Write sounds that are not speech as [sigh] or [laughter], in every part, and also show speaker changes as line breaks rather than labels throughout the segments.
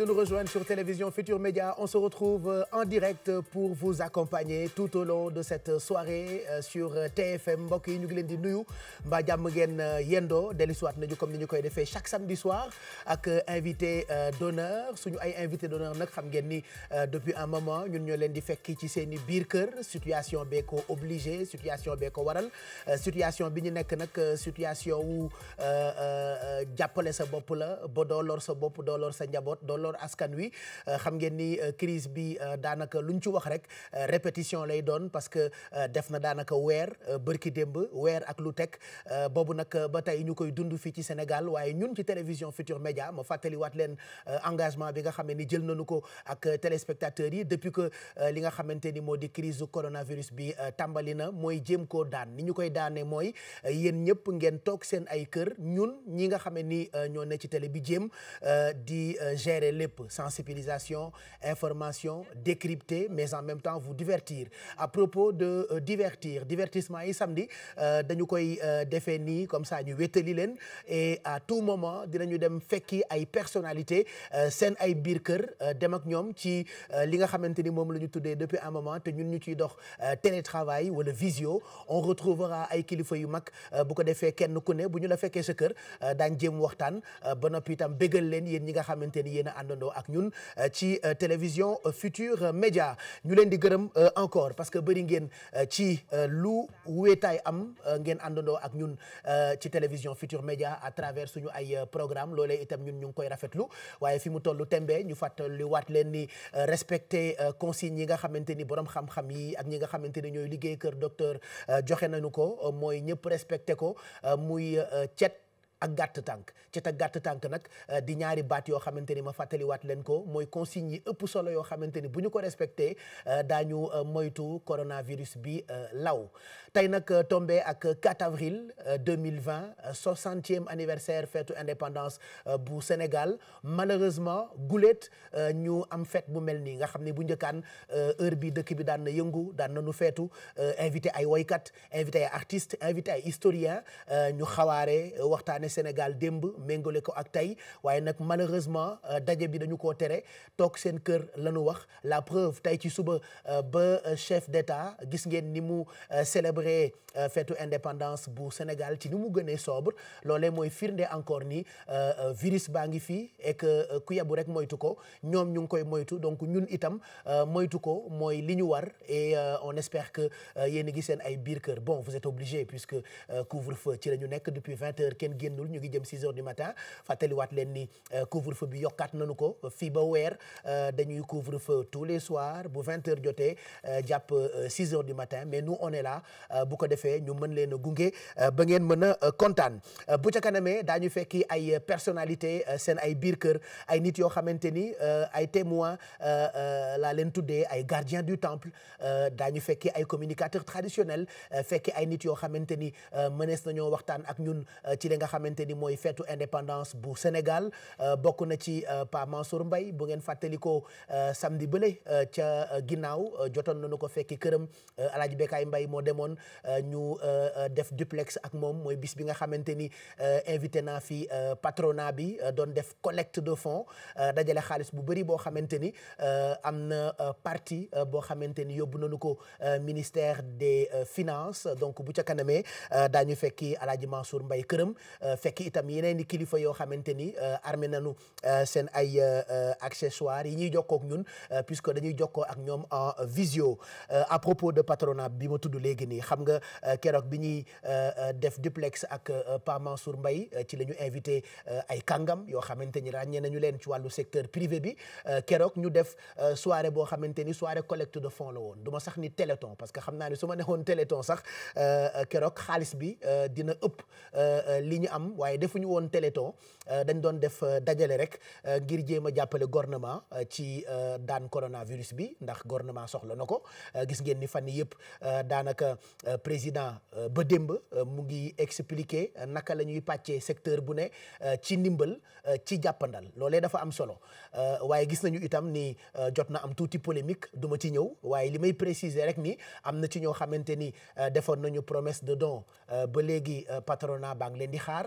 de nous rejoindre sur Télévision Futur Média. On se retrouve euh, en direct pour vous accompagner tout au long de cette soirée euh, sur euh, TFM mbokk yi ñu ngi leen di nuyu mbaa jàmm ngeen yendoo dellusiwaat nañu comme ni ñu koy defee chaque samedi soir ak invité d'honneur suñu ay invité d'honneur nag xam ngeen ni depuis un moment ñun ñoo leen di fekk ci seeni biir kër situation bee ko obligé situation bee ko waral situation bi ñu nekk nag situation wu jàppale sa bopp la ba bopp doo njaboot alors askan wi euh, xam ngeen ni euh, crise bi euh, daanaka luñ ci wax rek répétition lay doon parce que def na daanaka weer bërki démb weer ak lu teg boobu nag ba tey ñu koy dund fii ci Sénégal waaye ñun ci télévision Futur Média ma fàttaliwaat leen engagement bi nga xam ni jël nañu ko ak téléspectateurs yi depuis que li nga xamante ni moo di crise du coronavirus bi tàmbali na mooy jéem koo daan ni ñu koy daane mooy yéen ñëpp ngeen toog seen ay kër ñun ñi nga xam ni ñoo ne ci télé bi jéem di gérer lépp sensibilisation information décrypter mais en même temps vous divertir à propos de euh, divertir divertissement yi samedi euh, dañu koy euh, defee nii comme ça ñu wétali leen et à tout moment dinañu dem fekki ay personnalité euh, seen ay biir kër dem ak ñoom ci li nga xamante ni moom la ñu tuddee depuis un moment te ñun ñu ciy dox télétravail wala visio on retrouvera ay kilifa yu mag bu ko defee kenn ku ne bu ñu la fekkee sa kër daañ jéem waxtaan ba noppi itam bégal leen a àndandoo ak ñun euh, ci euh, télévision euh, future Média ñu leen di gërëm encore parce que bëri ngeen ci lu wéetaay am ngeen àndandoo ak ñun ci télévision Futur Média à travers suñu ay programme loolee itam ñun ñu ngi koy rafetlu waaye fi mu tollu tembe ñu fàttali waat leen ni respecter consignes yi nga xamante ni borom xam-xam yi ak ñi nga xamante ni ñooy liggéey kër docteur joxe nañu ko mooy ñëpp respecté ko muy cet ak gàtt tànk ci te gàtt tànk nag euh, di ñaari baat yoo xamante ni ma fàttaliwaat leen ko mooy consignes yi ëpp solo yoo xamante ni bu ñu ko respecté euh, daañu euh, moytu coronavirus bi law tey nag tombé ak 4 avril 2020 60e anniversaire feetu indépendance bu Sénégal malheureusement guléet ñu am fête bu mel nii nga xam ne bu njëkkaan heure bi dëkk bi daan na yëngu daan na nu feetu invité ay woykat invité ay artistes invité ay historiens ñu xawaare waxtaane Sénégal démb méngale ko ak tey waaye nag malheureusement euh, daje bi dañu koo tere toog seen kër lañu wax la preuve tey ci suba euh, ba euh, chef d'État gis ngeen ni mu célébrer fêtu indépendance bu Sénégal ci ni mu gënee sobre loolee mooy firnde encore ni virus baa ngi fii et que ku yebu rek moytu ko ñoom ñu ngi koy moytu donc ñun itam moytu ko mooy li ñu war et on espère que yéen a seen ay biir kër bon vous êtes obligés puisque couvre-feu ci la nekk depuis vingt heures génnul ñu ngi jëm 6 heures du matin fàttaliwaat leen ni euh, couvre-feu bi yokkaat nañu ko fii ba weer euh, dañuy couvre-feu tous les soirs bu 20 heures jotee euh, jàpp 6 heures du matin mais nu on est là bu ko defee ñu mën leen a gunge ba ngeen mën a kontaan bu ca kanamee daañu fekki ay personnalité seen ay biir kër ay nit yoo xamante ni ay témoins laa leen tuddee ay gardiens du temple daañu fekki ay communicateurs traditionnels fekki ay nit yoo xamante ni mënees nañoo waxtaan xamante ni mooy feetu indépendance bu Sénégal euh, bokk na ci euh, Pa Mansour mbay bu ngeen fàttalikoo euh, samedi bële ca ginnaaw jotoon nañu ko fekki këram Alaaji Bekaay mbay moo demoon ñu def duplex ak moom mooy bis bi nga xamante ni invité naa fi patronat bi doon def collecte de fonds dajale xaalis bu bëri boo xamante ni am na parti boo xamante ni yóbbu nañu ko ministère de finances donc bu ca kanamee daañu fekki Alaaji Mansour mbay këram fekk itam yeneen i kilifa yoo xamante ni euh, armé nañu euh, seen ay euh, accessoires yi ñuy jokkook ak ñun puisque dañuy jokkoo ak ñoom en visio à propos de patronat bi ma tudd léegi nii xam nga keroog bi ñuy def duplex ak Pa Mansour Mbaye ci la ñu invité ay kàngam yoo xamante ni ràññee nañu leen ci wàllu secteur privé bi keroog ñu def soirée boo xamante ni soirée collecte de fonds la woon du sax ni téléthon parce que xam naa ni su ma nekkoon téléthon sax keroog xaalis bi dina ëpp li ñu am am waaye defuñu woon téléthon euh, dañ doon def euh, dajale rek euh, ngir jéem a jàppale gouvernement ci daan coronavirus bi ndax gouvernement soxla na ko gis ngeen ni fan yii yëpp daanaka président ba démb mu ngi expliquer naka la ñuy pàccee secteur bu ne ci ndimbal ci jàppandal loole dafa am solo waaye gis nañu itam ni jot na am tuuti polémique du ma ci ñëw waaye li may préciser rek ni am na ci ñoo xamante ni defoon nañu promesse de don ba léegi patronat baa ngi leen di xaar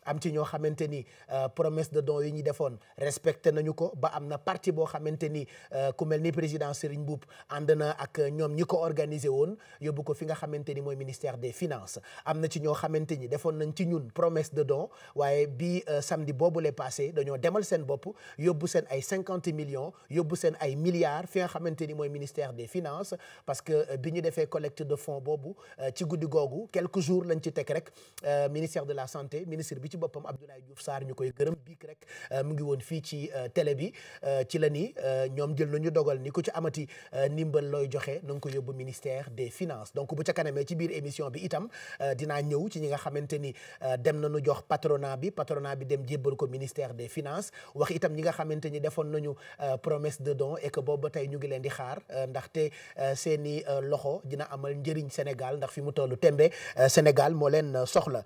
am ci ñoo xamante ni euh, promesse de don yi ñu defoon respecté nañu ko ba am na parti boo xamante ni euh, ku mel ni président Serigne Mboup ànd na ak ñoom ñi ko organisé woon yóbbu ko fi nga xamante ni mooy ministère des finances am na ci ñoo xamante ni defoon nañ ci ñun promesse de don waaye bi euh, samedi boobu le passé dañoo demal bopp yóbbu seen ay cinquante millions yóbbu seen ay milliards fi nga xamante ni mooy ministère des finances parce que bi ñu defee collecte de fonds boobu ci guddi googu quelques jours lañ ci teg rek ministère de la santé ministre bi ci boppam Abdoulaye Diouf Sarr ñu koy gërëm biik rek euh, mu ngi woon fii ci euh, télé bi euh, ci la ni ñoom jël nañu dogal ni ku ci amati ndimbal looy joxe na nga ko yóbbu ministère des finances donc bu ca ci biir émission bi dinaa ñëw ci ñi nga xamante ni dem nañu jox patronat bi patronat bi dem jébbal ko ministère des finances wax itam ñi nga xamante ni defoon nañu promesse de don et que ba tey ñu ngi leen di xaar ndaxte seen i loxo dina amal njëriñ Sénégal ndax fi mu tollu tembe Sénégal moo leen soxla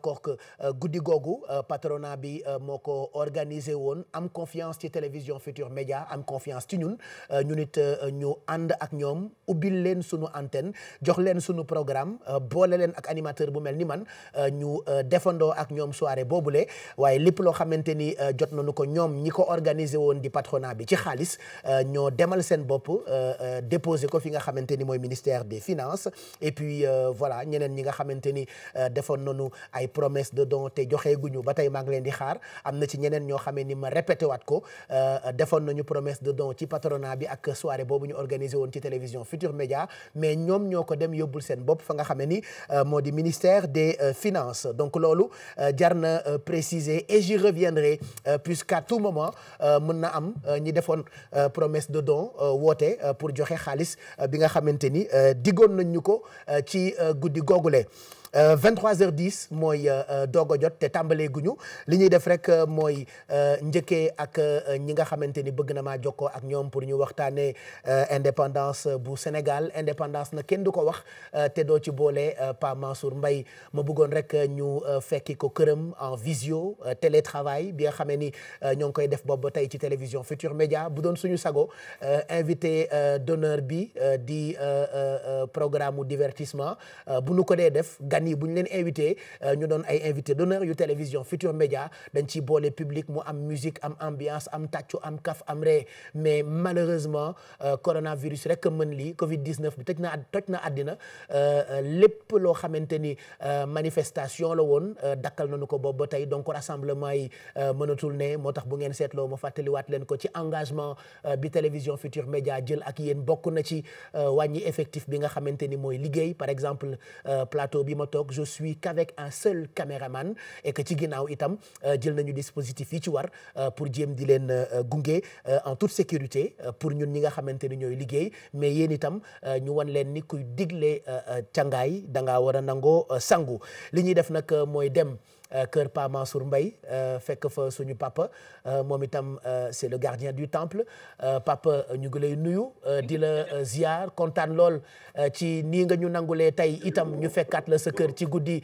encore que Euh, guddi googu euh, patronat euh, moo ko organisé woon am confiance ci télévision Futur Média am confiance ci ñun ñu nit ñu ànd ak ñoom ubbil leen sunu antenne jox leen sunu programme boole leen ak animateur bu mel ni man ñu defandoo ak ñoom soirée boobule waaye lépp loo xamante ni jot nañu ko ñoom ñi ko organisé woon di patronat bi ci xaalis ñoo demal seen bopp déposé ko fi nga xamante ni mooy ministère des finances et puis voilà ñeneen ñi nga xamante émission te joxe guñu ba tey maa ngi leen di xaar am na ci ñeneen ñoo xamee ni ma répété waat ko euh, defoon nañu promesse de don ci patronat bi ak soirée boobu ñu organisé woon ci télévision Futur Média mais ñoom ñoo ko dem yóbbul seen bopp fa nga xamee ni euh, moo di ministère des euh, finance donc loolu jar na préciser et j'y reviendrai puisqu'à tout moment mën na am ñi defoon promesse de don woote pour joxe xaalis bi nga xamante ni diggoon nañ ñu ko ci guddi googule 23h10 euh, mooy euh, euh, doog a jot te tàmbalee guñu li ñuy def rek mooy njëkkee ak ñi nga xamante ni bëgg na maa ko ak ñoom pour ñu waxtaanee indépendance bu Sénégal indépendance na kenn du ko wax te doo ci boole Pa Mansour mbay ma bëggoon rek ñu fekki ko këram en visio télétravail bi nga xamee ni ñoo ngi koy def boobu ba tey ci télévision Futur Média bu doon suñu sago invité donneur bi di programme divertissement bu nu ko dee def. gan yi bu ñu leen invité euh, ñu doon ay invité d'honneur yu télévision Futur Média dañ ciy boole public mu am musique am ambiance am tàccu am kaf am ree mais malheureusement euh, coronavirus rek mën lii Covid 19 bi toj na toj na àddina euh, lépp loo xamante ni manifestation la woon dakkal nañu ko boobu ba tey donc rassemblement yi mënatul ne moo tax bu ngeen seetloo ma fàttaliwaat leen ko ci engagement bi télévision Futur Média jël ak yéen bokk na ci wàññi effectif bi nga xamante ni mooy liggéey par exemple toog je suis qu'avec un seul caméraman et ci ginnaaw itam euh, jël nañu dispositif yi ci war euh, pour jéem di leen euh, gunge en toute sécurité pour ñun ñi nga xamante ni ñooy liggéey mais yéen itam ñu wan leen ni kuy digle càngaay da ngaa war a nangoo sangu li ñuy def nag mooy dem. Euh, kër Pa mbay Mbaye euh, fekk fa suñu papa euh, moom itam c'est le gardien du temple papa ñu ngi lay nuyu di la ziar kontaan lool ci nii nga ñu nangulee tey itam ñu fekkaat la sa kër ci guddi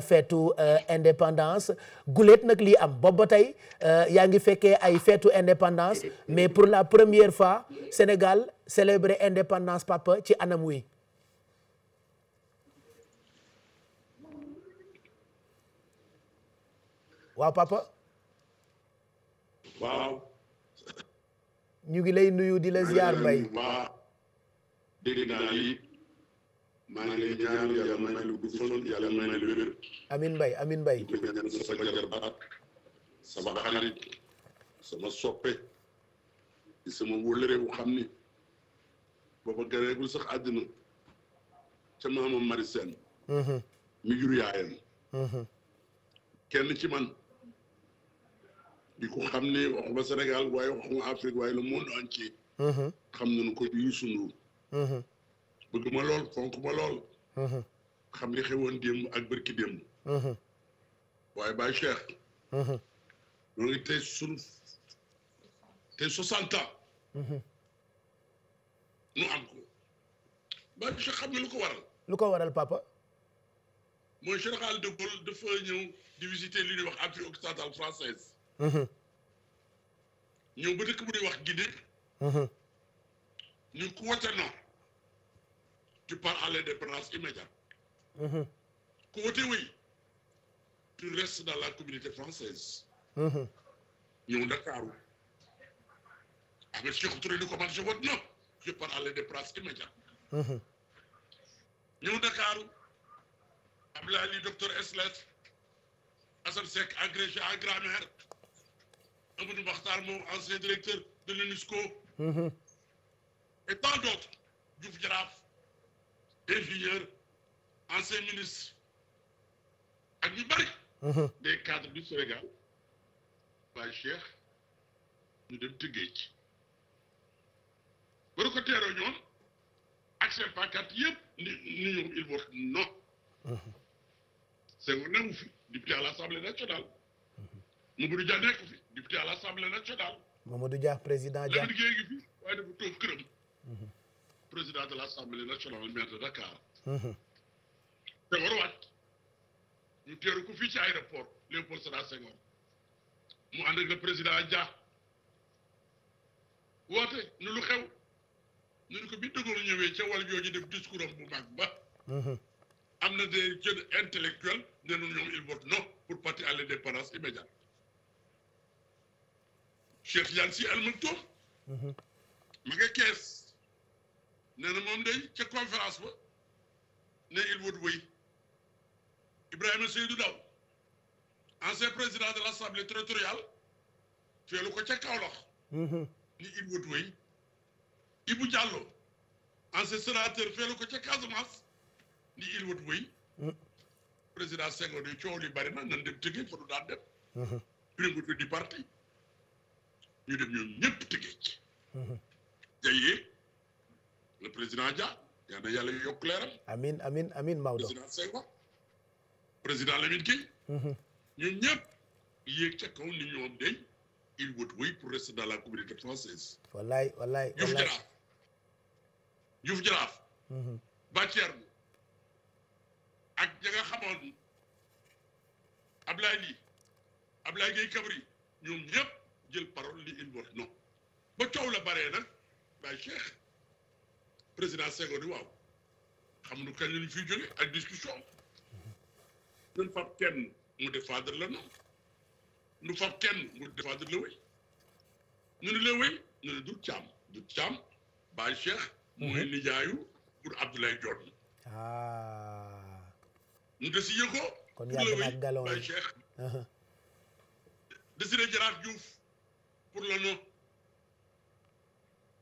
feetu indépendance guléet nag lii am boobu ba tey yaa ngi fekkee ay feetu indépendance mais pour la première fois Sénégal célébrer indépendance papa ci anam wi waaw papa. waaw. ñu ngi lay nuyu di la ziar mbay.
waaw. dégg naa lii. maa ngi lay ñaan yàlla may na lu gudd fan yàlla may na lu wér.
amiin mbay amiin mbay. di
ko ñaanal sama jarbaat sama xarit sama soppe di sama wóllëre wu xam ni booba gareegul sax àddina ca maama Mari Sène mm-hmm. mi jur yaayam mm-hmm. kenn ci man di ko xam ne waxuma Sénégal waaye Afrique waaye le monde entier. Mhm. xam nañu ko Youssou Ndour. Mhm. bëgg ma lool fonk ma lool. Mhm. xam li xewoon démb ak bërki démb. waaye Baye Cheikh. ñoo nu am ko. Baye Cheikh xam nga lu ko waral.
lu ko waral papa.
mooy général de Gaulle dafa ñëw di visiter li ñuy wax Afrique occidentale française ñëw mm-hmm. ba dëkk bu ñuy wax Guinée. Mm-hmm. ñu ku wote non tu pars à l'indépendance immédiate. Mm-hmm. ku wote Ndakaaru. Ahmed Sékou Touré ni ko man je vote non je pars à l'indépendance immédiate. ñëw Ndakaaru. Abdoulaye Ly docteur Eslet. Assane Seck agrégé en Amadou Bakhtar moom ancien directeur de l'UNESCO. Mhm. et tant d'autres Diouf Jaraaf ingénieur ancien ministre ak mhm. des cadres du Sénégal. waaye Cheikh ñu dem tëggee ci. ba ko teeroo ñoom ak seen pancarte yëpp ni ni ñoom il vote non. Mhm. Senghor newu fi député à l'Assemblée nationale. Mamadou Dia nekk fi. député à l'Assemblée nationale.
Mamadou Dia président Dia Lamine Gueye
ngi fi waaye dafa toog këram. président de l'Assemblée nationale maire de Dakar. te warwaat ñu teeru ko fii ci aéroport Léopold Sédar Senghor mu ànd ak le président Dia woote ñu lu xew ñu ne ko bi dëggoon ñëwee ca wàll jooju def discours am bu mag ba. am na des jeunes intellectuels ne ñoom ils votent non pour partir à l'indépendance immédiate. Cheikh Tidiane Sy Al Maktoum ma mhm. nga kees nee na moom day ca conférence ba ne il would wéy Ibrahima Seydou Daw ancien président de l' territoriale feelu ko ca Kaolack mhm. ni il would wéy Ibou Diallo ancien sénateur feelu ko ca Casamance ni il would wéy mm. président Senghor ne coow li bari na dem tëggee fa du daan dem mhm. primu du di parti ñu dem ñoom ñëpp tëggeej jayee le président Dia yaa na yàlla yokk leeram
amin amin amin Maodo président Senghor
président Lamine Guèye mhm. ñoom ñëpp yéeg ca kaw ni ñoom day il would wait pour rester dans la communauté
française wallaay wallaay Diouf Jaraaf Diouf Jaraaf mhm.
Bathierno bu ak ña nga xamoon Ablaye Ly Ablaye Guèye Kabri ñoom ñëpp jël parole li il vote non ba coow la baree nag waaye Cheikh président Senghor ni waaw xam nu kañ lañu fiy jóge ak discussion nun fab kenn mu défendre la non nu fab kenn mu défendre la wéy ñu ne la wéy ñu ne du caam du caam Baye Cheikh mooy mhm. nijaayu pour Abdoulaye Dione
ah ñu désigné ko kon yàgg na ak galon Baye Cheikh
[laughs]
désigné pour le nom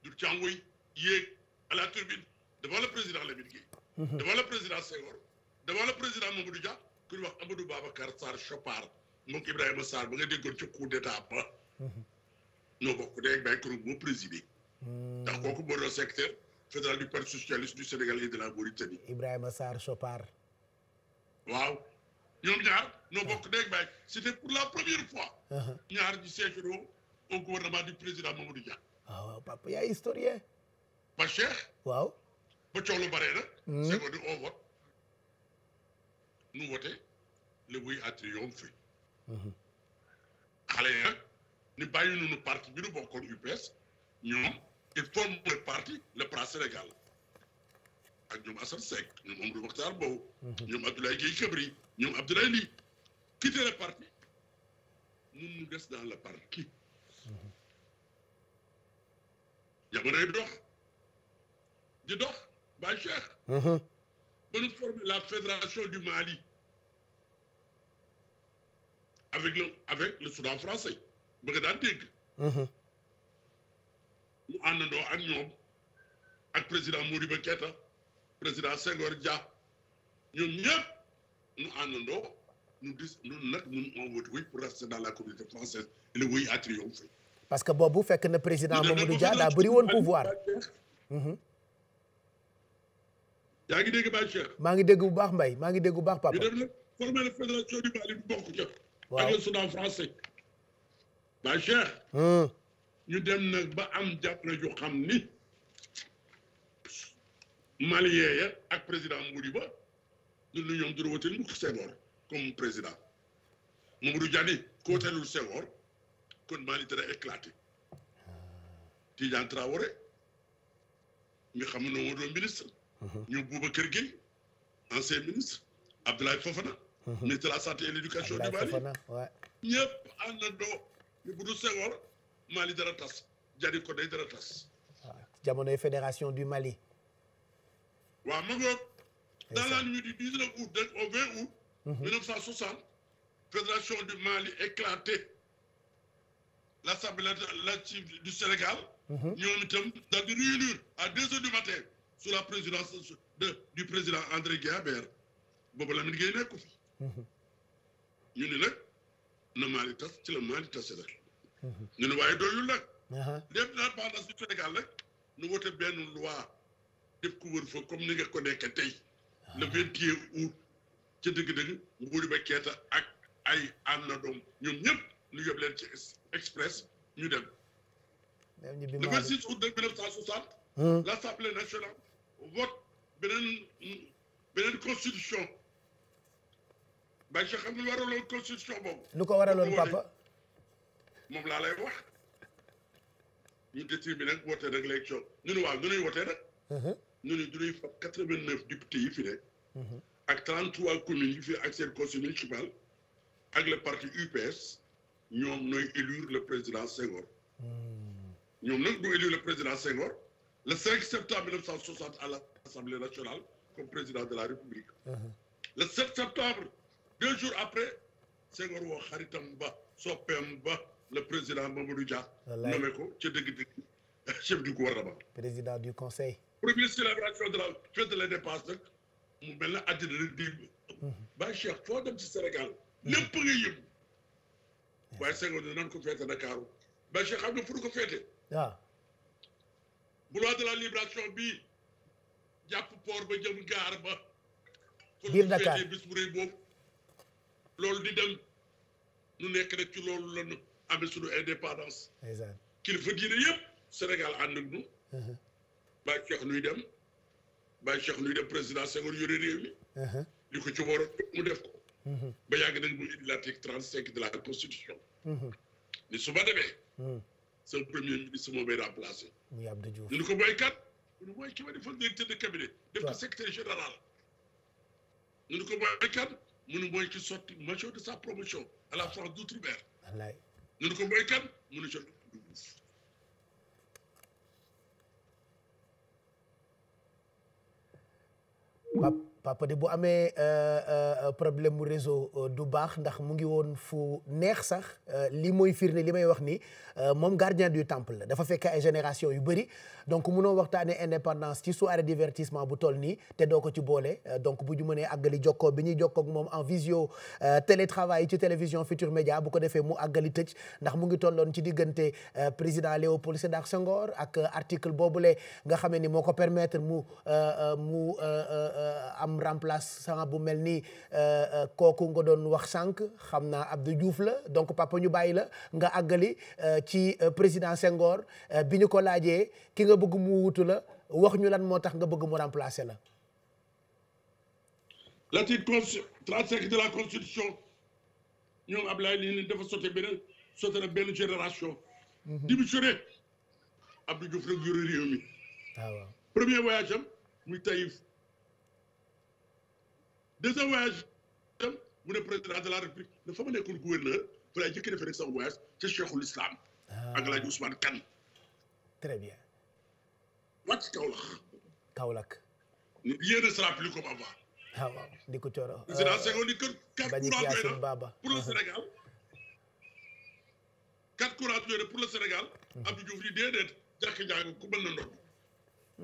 Doudou Thiangoye yéeg à la tribune devant le président Lamine Gueye mhm. devant le président Senghor devant le président Mamadou Dia ku ñu wax Amadou Babacar Sarr Chopard moom Ibrahima Sarr ba nga déggoon ci coup d'état ba ñoo mhm. bokk day bàyyi kuréel moo présidé mhm. ndax kooku moo doon secrétaire fédéral du parti socialiste du Sénégal et de la Mauritanie
Ibrahima Sarr Chopard
waaw ñoom ñaar ñoo ah. bokk day bàyyi c'était pour la première fois uh-huh. ñaar ñi seetlu au gouvernement du président Mamadou Dia.
waaw ah, waaw papa yaay historien.
ba Cheikh. waaw. ba coow lu bare na. Hmm. c'est que du on vote. nu voté le oui a triomphé. Hmm. xale yi nag ni bàyyi nañu parti bi nu bokkoon UPS ñoom il forme le parti le PRA Sénégal ak ñoom Assane Seck ñoom Amadou Mokhtar Mbow. Hmm. ñoom Abdoulaye Guèye Kébri ñoom Abdoulaye Ly quitté le parti ñun ñu des dans le parti. jamonoy dox di dox ba Cheikh mhm. ba ñu former la fédération du Mali avec le avec français ba nga daan dégg mhm. mu àndandoo ak ñoom ak président Modibo Keïta président Senghor Dia ñoom ñëpp ñu àndandoo ñu pour rester dans la communauté française et le oui a triomphé
parce que boobu fekk na président Mamadou Dia daa bëri woon pouvoir. Mhm.
yaa ngi dégg Baye Cheikh.
maa ngi dégg bu baax mbay maa ngi dégg bu baax Papa. ñu def la formé
dem nag ba am jàppale ju xam ni Malien ya ak président Modibo ñun ñoom dina wooteel mu Senghor comme président Mamadou Dia ni koo teelul Senghor. kon Mali dana éclaté Tidiane Traoré mi xam ne moo doon ministre. ñu Boubacar Guèye ancien ministre Abdoulaye Fofana. ministre de la santé et l' du Mali ñëpp àndandoo ñu bu dul Mali dara tas ko day dara tas.
waaw ah, fédération du Mali. waaw
ma dans la nuit du 19 août au 20 août. Mhm. fédération du Mali éclatée. l'Assemblée du Sénégal. Mhm. ñoom itam daal di réunir à deux heures du matin sous la présidence du président André Guillabert boobu Lamine Gueye nekku fi. Mhm. ñu ne nag na maa tas ci la maa di tase rek. Mhm. ñu ne waaye doyul nag. lépp l'indépendance du Sénégal nag nu wote benn loi def couvre-feu comme ni nga ko nekkee tey. le vingt et un août ca dëgg-dëgg Modibo ak ay àndandoom ñoom ñëpp. ñu yóbbu leen ci express ñu dem.
le 26
août 1960. l' assemblée nationale vote beneen beneen constitution. Baye Cheikh xam nga lu waraloon constitution boobu.
lu ko waraloon papa.
moom laa lay wax. ñu déterminé nag woote nag l'élection ñu ne waaw ñu nuy wootee nag. Hmm. ñu ne du ñuy fab quatre vingt yi fi hmm. ak trente-trois communes ak seen conseil municipal. ak le parti UPS. ñoom ñooy élire le président Senghor. ñoom nag du élire le président Senghor le 5 septembre 1960 à l'Assemblée nationale comme président de la République. le 7 septembre deux jours après Senghor woo xaritam ba soppeem ba le président Mamadou Dia. wallaay nommé ko ca dëgg-dëgg chef du gouvernement.
président du conseil.
première célébration de la fête de l'indépendance nag mu mel ne àddina rek di. ba Cheikh foo dem ci Sénégal. lépp nga yëngu. waaye Senghor ne nan ko féete Dakaaru ba Cheikh xam ne fu ko féete waaw boulevard de la libération bii jàpp port ba jëm gaar ba biir Dakar bis bu rëy boobu loolu di dem nu nekk rek ci loolu la ñu amee suñu indépendance kilifa diine yëpp Sénégal ànd ak nu uh-huh. bàyyi Cheikh nuy dem bàyyi Cheikh nuy dem président Senghor yore réew mi
li uh-huh.
ko ci waroon mu def ko ba yàgg nañ muy indi l'article trente de la constitution ni su ma demee sa premier ministre moo may remplacé
muy Abdou Diouf ñu
ni ko mooy kat ñu mooy ki ma defal directeur de cabinet def ko secrétaire général ñu ni ko mooy kat mu ne mooy ki sotti major de sa promotion à la France d'outre-mer wallaay ñu ni ko
papa de bu amee euh, euh, problème mu réseau euh, du baax ndax mu ngi woon fu neex sax li mooy firnde li may wax nii moom gardien du temple la dafa fekk ay génération yu bëri donc munoo waxtaanee indépendance ci soirée divertissement bu toll nii te doo ko ci boole donc bu ñu mënee àggali jokkoo bi ñuy jokkoo moom en visio télétravail ci télévision Futur Média bu ko defee mu àggali tëj ndax mu ngi toll tolloon ci diggante président Léopold Sédar Senghor ak article boobule nga xamee ni moo ko permettre mu mu am remplaçant bu mel ni euh, euh, kooku nga doon wax sànq xam naa ab Abdou Diouf la donc papa ñu bàyyi la nga àggali euh, ci président Senghor bi ñu ko laajee ki nga bëgg mu wutu la wax ñu lan moo tax nga bëgg mu remplacer la.
l'article 35 de la constitution ñoom Ablaye lii nii dafa sote benn sote na benn génération. Mhm. démissionné Abdou Diouf rek yore réew mi. Ah, premier voyage am muy Taïf deuxième voyage tam mu ne président de la république ne fa ma nekkoon gouverneur fa lay jëkk defee rek sama voyage ca cheikhul islam
ak
ah. laaj Ousmane Kane très bien wàcc Kaolack Kaolack rien ne sera plus comme avant
ah, waaw waaw di ko cooro président Senghor ni kër quatre courants doy na pour le
Sénégal quatre courants doy na pour le Sénégal Abdou Diouf ni déedéet jàkk njàng ku mën na ndox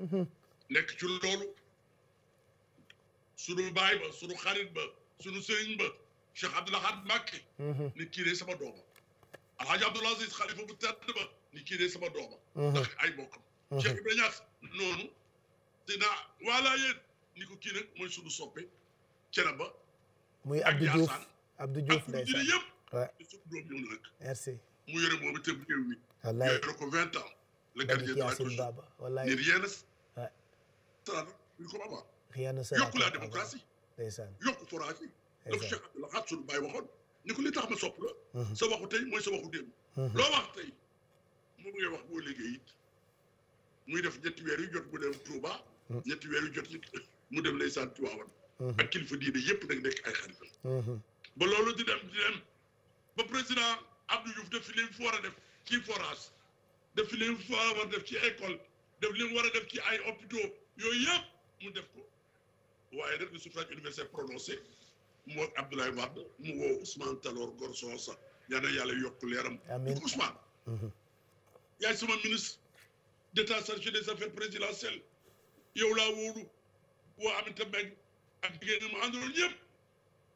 uh-huh. nekk ci loolu sunu baay ba sunu xarit ba sunu sëriñ ba Cheikh Abdoul Ahad Mbacké mhm. ni kii dee sama dooma alhaji Abdoul Aziz xalifa bu tedd ba ni kii dee sama dooma
mhm.
ndax
ay bokkam mhm. Cheikh Ibrahima Niass noonu dinaa waalaa yéen ni ko kii nag mooy sunu ba
muy Abdou Diouf Abdou Diouf ndeysaan yëpp sunu doom ñëw
mu yore moom itam réew mi wallaay yore ko vingt ans
le gardien de
baba piano sa yokku la démocratie ndeysaan yokku forage bi la ko Cheikh Abdoul Ahad sunu baay waxoon ni ko li tax ma sopp la mhm. sa waxu tey mooy sa waxu démb mhm. loo wax tey moom ngay wax boo liggéey it muy def ñetti weer yu jot mu dem Touba mhm. ñetti weer yu jot it mu dem lay sant Tiwaawan ak kilifa diine yëpp nag nekk ay xaritam ba loolu di dem di dem ba président Abdou Diouf def fi li mu war a def ci forage def fi li mu war a def ci école def li mu war a def ci ay hôpitaux yooyu yëpp mu def ko waaye nag le suffrage universel prononcé mu woo Abdoulaye Wade mu woo Ousmane Tanor Gorso sax ñaana yàlla yokk leeram. amiin Ousmane. Mhm. yaay sama ministre d'état chargé des affaires présidentielles yow laa wóolu woo Aminata Mbengue ak jigéen ñi mu àndaloon ñëpp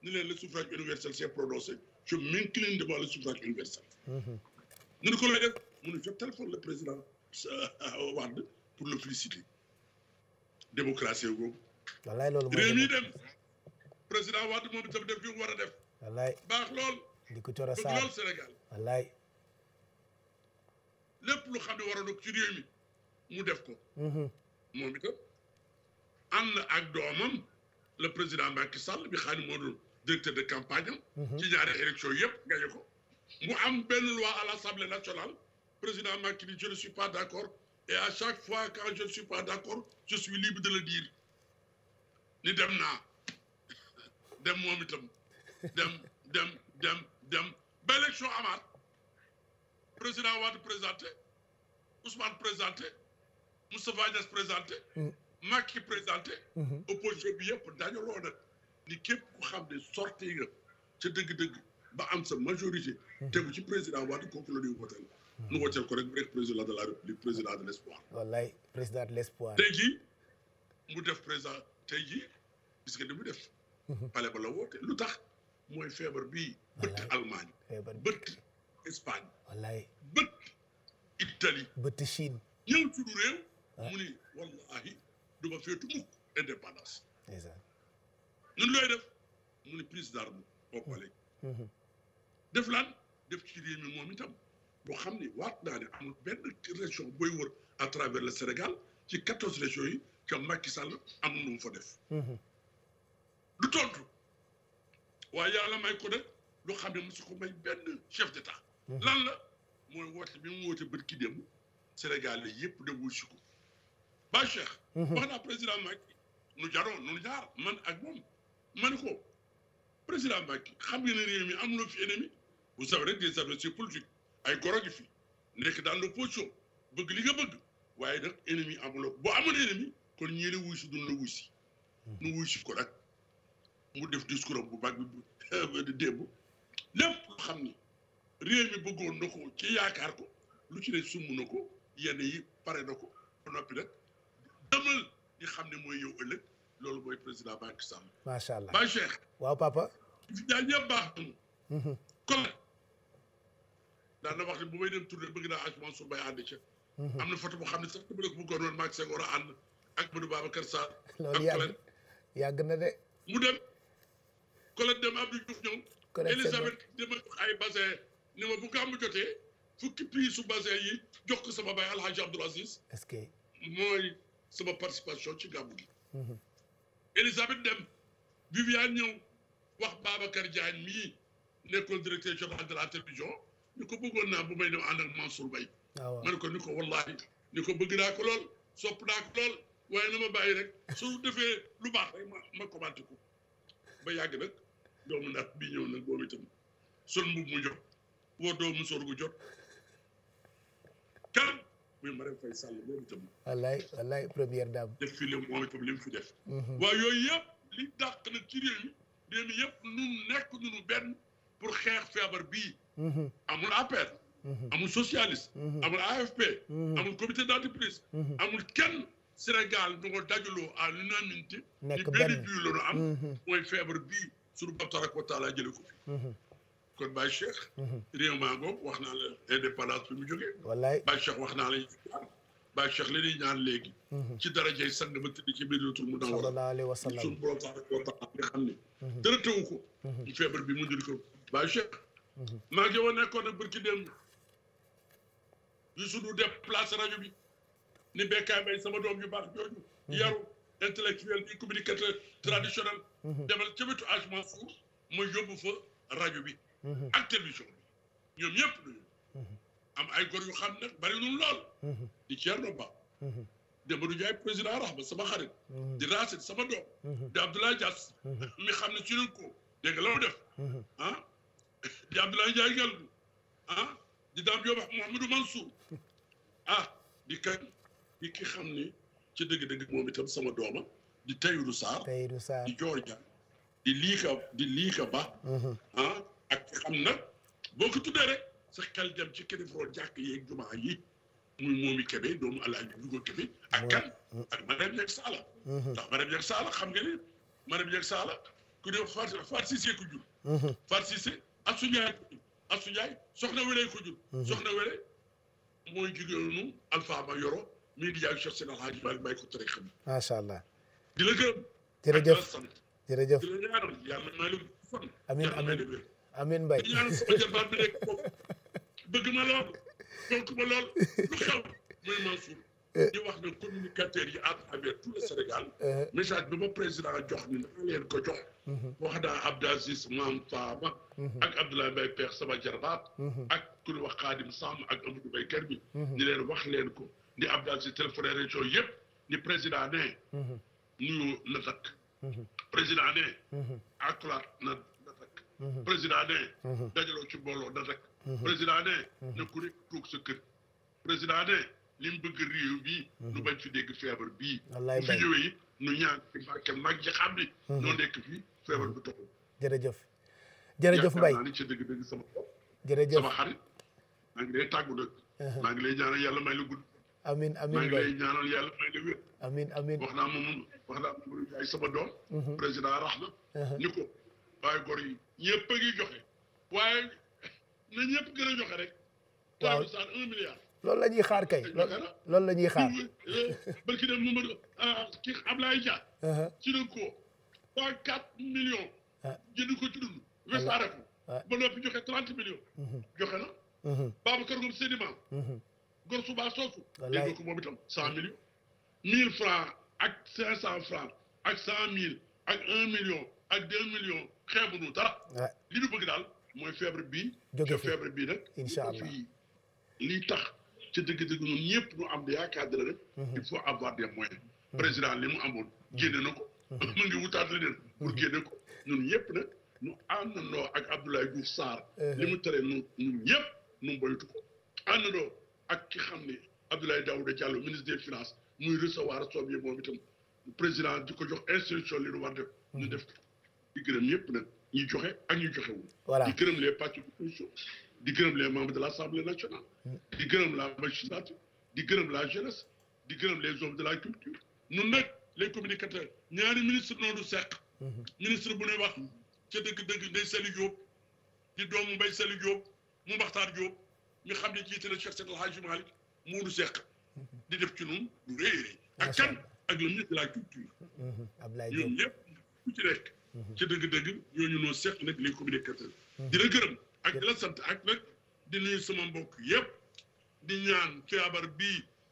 ni leen le suffrage universel s'est prononcé je m'incline devant le suffrage universel. ñu mhm. ne ko lay def mu ne je téléphone le président Wade pour le féliciter démocratie boobu.
wallaay loolu mooy réew
mi dem président Wade moom itam def li mu war a def. wallaay baax lool.
di ko coro saar lool Sénégal. wallaay.
lépp lu xam ne waroon ak ci réew mu def ko. Mhm. moom itam ànd ak doomam le président Macky Sall bi xam ne moo doon directeur de campagne am. Mhm. ci ñaari élection yëpp gañe ko. mu am benn loi à l'Assemblée nationale président Macky ni je ne suis pas d'accord et à chaque fois quand je ne suis pas d'accord je suis libre de le dire. ni dem naa dem moom itam dem dem dem dem ba élection amaat président Wade présenté Ousmane présenté Moustapha Niass présenté mm. Macky présenté mm-hmm. opposition bi yëpp dajaloo na ni képp ku xam ne sorti nga ca dëgg ba am sa majorité mm-hmm. tegu ci président Wade kooku la ñuy woteel nu woteel ko rek mu nekk président de la république président de l' espoir
wallaay président
mu def président tey jii gis nga li mu def. Mhm. pale ba la woote lu tax mooy feebar bi bëtt Allemagne bëtt Espagne. wallaay bëtt Italie.
bëtt Chine. ñëw suñu réew.
Ah. mu ni wallahi du ma féetu mukk indépendance. ñun looy def mu ni prise d'armes au palais. Mhm. def laan def ci réew mi moom itam boo xam ni waat naa ne amul benn région booy wër à travers le Sénégal ci quatorze régions yi ca Macky Sall am na mu fa def. Mhm. du tontu waaye yàlla may ko nag loo xam ne mosu ko may benn chef d'état lan la mooy woote bi mu bët ki dem Sénégal la yëpp de wuy si ko ba Cheikh wax président Macky nu jaroon nu jaar man ak moom man ko président Macky xam nga ne réew mi am na fi ennemi vous avez rek des adversaires ay goro gi fi nekk dans l'opposition bëgg li nga bëgg waaye nag ennemi amuloo boo amul ennemi kon ñii la wuy si dun la wuy si nu wuy si ko nag mu def discours bu mag bi démb lépp xam ni réew mi bëggoon na ko ci yaakaar ko lu ci ne sumb na ko yenn yi pare na ko ba noppi nag demal di xam ne mooy yow ëllëg loolu mooy président Macky Sall.
ma allah ba Cheikh. waaw papa. fi
ñaar ñëpp baax nañu. Mm-hmm. kon daan na wax bu may dem tournée bëgg naa Agement Sow bay ànd ca. Mm-hmm. am na photo boo xam ne sax dama la ko bëggoon woon Macky Senghor a ànd ak Badou Babacar Sall.
[laughs] loolu yàgg yàgg na de.
collecte dem Abdou Diouf ñëw. collecte Elisabeth dama jox ay bassin ni ma bu gàmm fukki pii su bassin yi jox ko sama baay Alhaji Abdoul Aziz. est-ce que. mooy sama participation ci gàmm gi. Mhm. Elisabeth dem Viviane ñëw wax Babacar Diagne mii nekkoon directeur général de la télévision ñu ko bëggoon naa bu may dem ànd ak Mansour Mbaye. Ah, waaw ne ko ni ko wallaahi ni ko bëgg naa ko lool sopp naa ko lool na ma bàyyi rek su defee lu baax rek ma ma commenté ko ba yàgg nag. doomu naat bi ñëw nag boobu itam sol mbub mu jot woo doomu sor gu jot kan muy Marème Faye Sall boobu itam
wallaay wallaay première dame def fi lim moom itam li mu fi def
mhm. waaw yooyu yëpp li dàq na ci réew mi réew mi yëpp nun nekk nunu benn pour xeex feebar bii mhm. amul APR mhm. amul socialiste amul AFP amul comité d'entreprise amul kenn Sénégal du ko dajaloo à l'unanimité ñu benn bii la nu am mooy feebar bii suñu bopp tabaraka wa taala jële ko fi mhm. kon Baye Cheikh mhm. réew maa ngoog wax naa la indépendance bi mu jógee wallaay Baye Cheikh wax naa la ñaan Baye Cheikh li ñuy ñaan léegi mhm. ci darajey sang ba tëdd ci Madinatul Munawwara sallallahu alayhi wa sallam suñu borom tabaraka wa taala nga xam ne dara tëwu ko ñu feebar bi mundil ko Baye Cheikh maa ngi woon nekkoon nag barki dem yu suñu déplacé rajo bi ni Bécaye Mbaye sama doom yu baax jooju yaru intellectuel bi communicateur traditionnel demal ca wetu Hadj Mansour ma yóbbu fa rajo bi. Mhm. ak télévision bi ñoom ñëpp lu mhm. am ay gor yu xam ne bari nañu lool. Mhm. di Thierno Ba. Demba du jaay président Rahma sama xarit. di Racine sama doom. di Abdoulaye Dias. mi xam ne ci lañ ko dégg nga la mu def. ah [laughs] di Abdoulaye Ndiaye Ngalgu ah di Dame Diop ak Mouhamadou ah di kañ di ki xam ne ci dëgg-dëgg moom sama dooma di Tahirou di Dior di liika ba mm-hmm. ah, ak xam na boo ko tuddee rek sa xel jam ci kilifoo jàkk yeeg jumaa yi muy moomi Kébé doomu Alaaji Njugo Kébé ak mm. mm-hmm. xam nga ne Mariam Dieng Sala ku dee Far Far Cissé ko jur mm-hmm. soxna Wele ko jur soxna Wele mooy jigéenu Alpha Mayoro mii di jaay Cheikh Seydi El Hadji Malick may ko tere xam
allah di la gërëm. jërëjëf jërëjëf di la ñaanal yàlla may lu fan. amiin amiin amiin Mbaye di ñaanal sama jabaar bi rek bëgg ma lool fonk ma lool lu xew muy
Mansour. Eh. di wax ne communicateurs yi à travers tout le Sénégal. Eh. message bi ma président jox ni na leen ko jox. Mhm. wax naa Abdou Aziz Maam Faama. Mhm. ak Abdoulaye Mbaye Père sama jarbaat. Mhm. ak ku ñu wax Xaadim Samb ak Amadou Mbaye Kër bi. ni leen wax leen ko ni Abdou Aziz téléphoné région yëpp ni président ne. ñu na takk mhm. président ne
mhm. mhm.
dajaloo ci mbooloo na takk ne na ku nekk sa kër président ne li mu bëgg réew bii nu bañ fi dégg feebar bii bu fi ñëwee it nu ñaan ci barke mag ci xam ni ñoo nekk fii feebar bu toxu jërëjëf jërëjëf Mbaye yaakaar naa ni ci dëgg dëgg sama jërëjëf sama xarit maa ngi lay tàggu
ñaanal yàlla may la gudd amin amin maa ngi
ñaanal yàlla may la
amiin amiin wax naa moom
wax naa moom ay sama doom. Mhm. président rahma. Uh-huh. ni ko waaye gor yi ñëpp a ngi joxe waaye na ñëpp a joxe rek. waaw taal saan un milliard.
loolu la ñuy xaar la ñuy xaar.
parce euh, euh, que dem Mamadou ah, kii Ablaye Dia. Uh-huh. ci la ko trois quatre millions. Uh-huh. jënd ko ci dund. wesaareef ko. ba noppi joxe trente millions. joxe na. Babacar Ngom Sedima. gor subaa soosu. wallaay dégg ko moom mille francs ak cinq cent francs ak cent mille ak un million ak deux millions xeebu nu dara. li ñu bëgg daal mooy feebar bi jóge fi bii nag. incha allah fii tax ci dëgg-dëgg ñun ñëpp ñu am di yaakaar dara rek. Mhm. il faut avoir des moyens. Mhm. président li mu amoon mhm. génne na ko. mu [laughs] ngi wutaat pour génne ko ñun ñëpp nag ñu àndandoo ak Abdoulaye Diouf Sarr. li mu tere nu ñun ñëpp ñu mboytu ko àndandoo ak ki xam ne Abdoulaye Daouda Diallo ministre des finance muy recevoir soob yi moom itam président di ko jox instruction li nu war def mm. ñu def di gërëm ñëpp nag ñu joxe ak ñu joxewul voilà di gërëm les partis di gërëm les membres de l'Assemblée nationale mm. di gërëm la magistrature di gërëm la jeunesse di gërëm les hommes de la culture ñun nag les communicateurs ñaari ministre noonu seq mm-hmm. ministre bu ñuy wax ca dëgg-dëgg Ndeye Saly Diop di doomu Mbaye Saly Diop mu Mbaxtaar Diop ñu xam ne jiite na Cheikh Seydil Hadji Malick du seq di def ci noonu lu rëy rëy ak kan ak le ministre de la culture mm-hmm. Abdoulaye Diop mm-hmm. ci dëgg-dëgg ñooñu noo seq nag les communicateurs mm-hmm. dina gërëm ak di sant ak nag di nuyu sama mbokk yëpp di ñaan feebar bi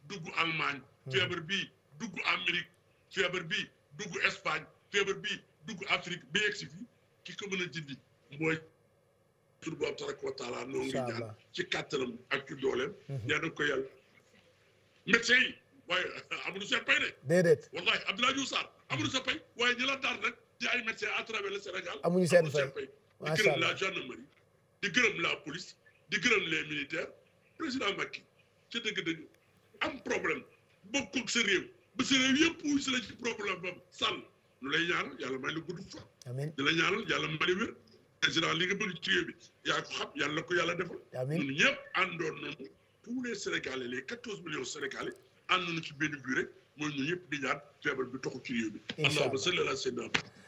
dugg Allemagne feebar bi dugg Amérique feebar bi dugg Espagne feebar bi dugg Afrique ba yegg si fii ki ko mën a mooy tur boobu tabaraka noo ngi ñaan ci kàttanam ak ci dooleem ñaan ko médecins yi waaye [laughs] amuñu seen pay de. déedéet wallaahi Abdoulaye Diouf Sarr amuñu seen pay waaye ñi la daar rek di ay à travers le Sénégal. amuñu seen pay di gërëm la gendarmerie di gërëm la police di gërëm le militaires président Macky ca dëgg dëgg am problème bok sa bu ba sa réew si la ci problème bam sàll ñu lay ñaanal yàlla may la gudd fa di la ñaanal yàlla may wér président li bëgg ci réew ya ko xam yàlla ko yàlla defal ñun ñëpp àndoon nañu tous les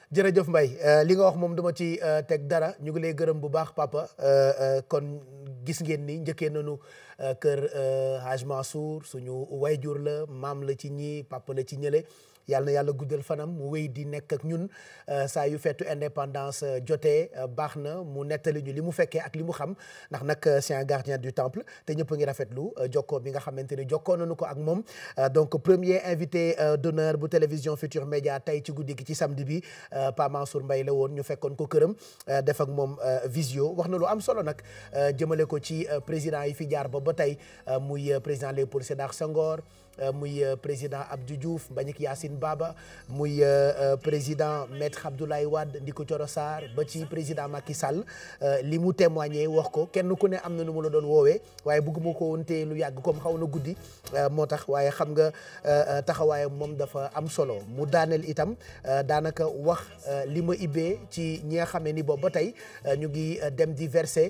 jërëjëf Mbaye euh, li nga wax moom dama ci euh, teg dara ñu ngi lay gërëm bu baax papa euh, kon gis ngeen ni njëkkee nanu kër Haj Mansour suñu jur la maam la ci ñi papa la ci ñële. yàlla na yàlla guddal fanam mu wéy di nekk ak ñun euh, saa yu feetu indépendance euh, jotee euh, baax na mu nettali ñu li mu fekkee ak li mu xam ndax nag c'est un gardien du temple te ñëpp a ngi rafetlu jokkoo bi nga xamante ne jokkoo nañu ko ak moom donc premier invité d'honneur bu télévision Futur Média tey ci guddi gi ci samedi bi Pa Mansour mbay la woon ñu fekkoon ko këram def ak moom visio wax na lu am solo nag jëmale ko ci président yi fi jaar ba ba tey muy président Léopold Sédar Senghor Euh, muy euh, président Abdou Diouf Mbagnick Yacine Baba muy euh, président maître Abdoulaye Wade Ndiko Thioro saar ba ci président Macky Sall li mu témoigné wax ko kenn ku ne am na nu mu la doon woowee waaye bëgguma ko woon tey lu yàgg comme xaw na guddi moo tax waaye xam nga taxawaayam moom dafa am solo mu daaneel itam daanaka wax li ma ibbee ci ñi nga xamee ni boobu ba tey ñu ngi dem di verser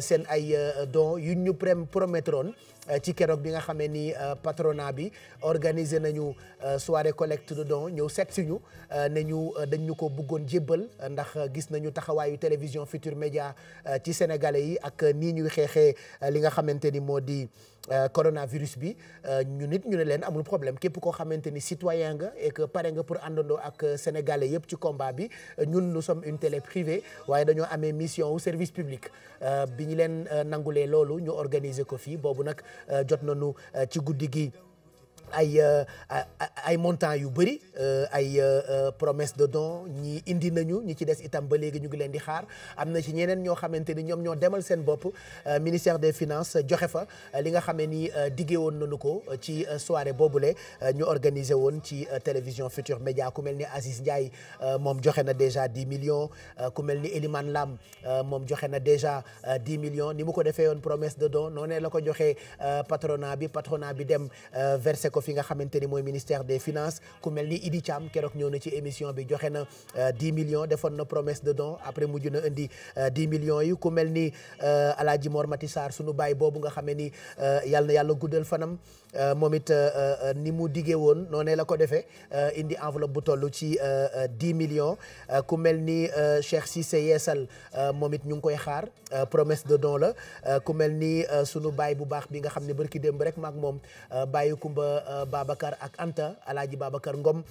seen ay dons yu ñu promettroon Euh, ci keroog bi nga xamee ni euh, patronat bi organiser nañu euh, soirée collecte de dons ñëw seet suñu ñu ne ñu dañ ko bëggoon jébbal ndax gis nañu taxawaayu télévision Futur Média ci sénégalais yi ak nii ñuy xeexee li nga xamante ni moo di. Euh, coronavirus bi euh, ñu nit ñu ne leen amul problème képp koo xamante ni citoyen nga et que pare nga pour àndandoo ak euh, sénégalais yëpp ci combat bi ñun nous sommes une télé privée waaye dañoo amee mission wu service public bi ñu leen nangulee loolu ñu organiser ko fii boobu nag jot na nañu ci guddi gi. ay euh, ay montants yu bëri euh, ay euh, promesse de don ñi indi nañu ñi ci des itam ba léegi ñu ngi leen di xaar am na ci ñeneen ñoo xamante ni ñoom ñoo demal seen bopp ministère des finance joxe fa li nga xamee ni diggee woon nañu ko ci soirée boobule ñu organiser woon ci télévision Futur Média ku mel ni Aziz Ndiaye moom joxe na déjà 10 millions ku mel ni Elimane Lam moom joxe na déjà 10 millions ni mu ko defee woon promesse de don noonee la ko joxee patronat bi patronat bi dem versé ko fi nga xamante ni mooy ministère des finances ku mel ni Idi Thiam keroog ñëw na ci émission bi joxe na 10 euh, millions defoon na promesse de don après mujj na indi 10 euh, millions yi ku mel ni euh, Alaaji Mor Mati Sarr sunu baay boobu nga xamee ni yàlla yàlla guddal fanam Euh, moom it euh, euh, ni mu diggee woon noonee la ko defee indi enveloppe bu tollu ci 10 millions ku mel ni Cheikh Cissé Yeesal moom ñu ngi koy xaar promesse de don la ku mel ni sunu baay bu baax bi nga xam ne barki démb rek maak moom bàyyi Kumba Babacar ak Anta Alaaji Babacar Ngom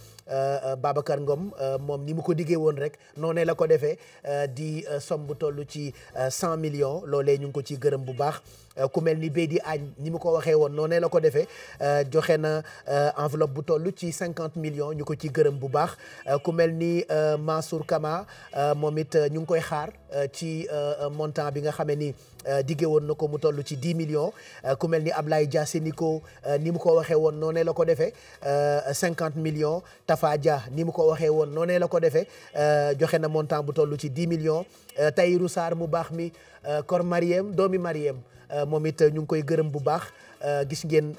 Babacar Ngom moom ni mu ko diggee woon rek noonee la ko defee di somme bu toll ci 100 millions loolee ñu ngi ko ci gërëm bu baax Euh, ku mel ni Bédi Agne ni mu ko waxee woon noonee la ko defee euh, joxe na euh, enveloppe bu toll ci cinquante millions ñu ko ci gërëm bu baax ku mel ni Mansour Kama moom it ñu ngi koy xaar ci montant bi nga xamee ni diggé woon na ko mu toll ci dix millions ku mel ni Ablaye Dia Sénico ni mu ko waxee woon noonee la ko defee cinquante millions Tafa Dia ni mu ko waxee woon noonee la ko defee joxe na montant bu toll ci dix millions Tahirou mu baax mi Kor Mariem doomi Mariem Euh, moom it euh, ñu ngi koy gërëm bu baax euh, gis ngeen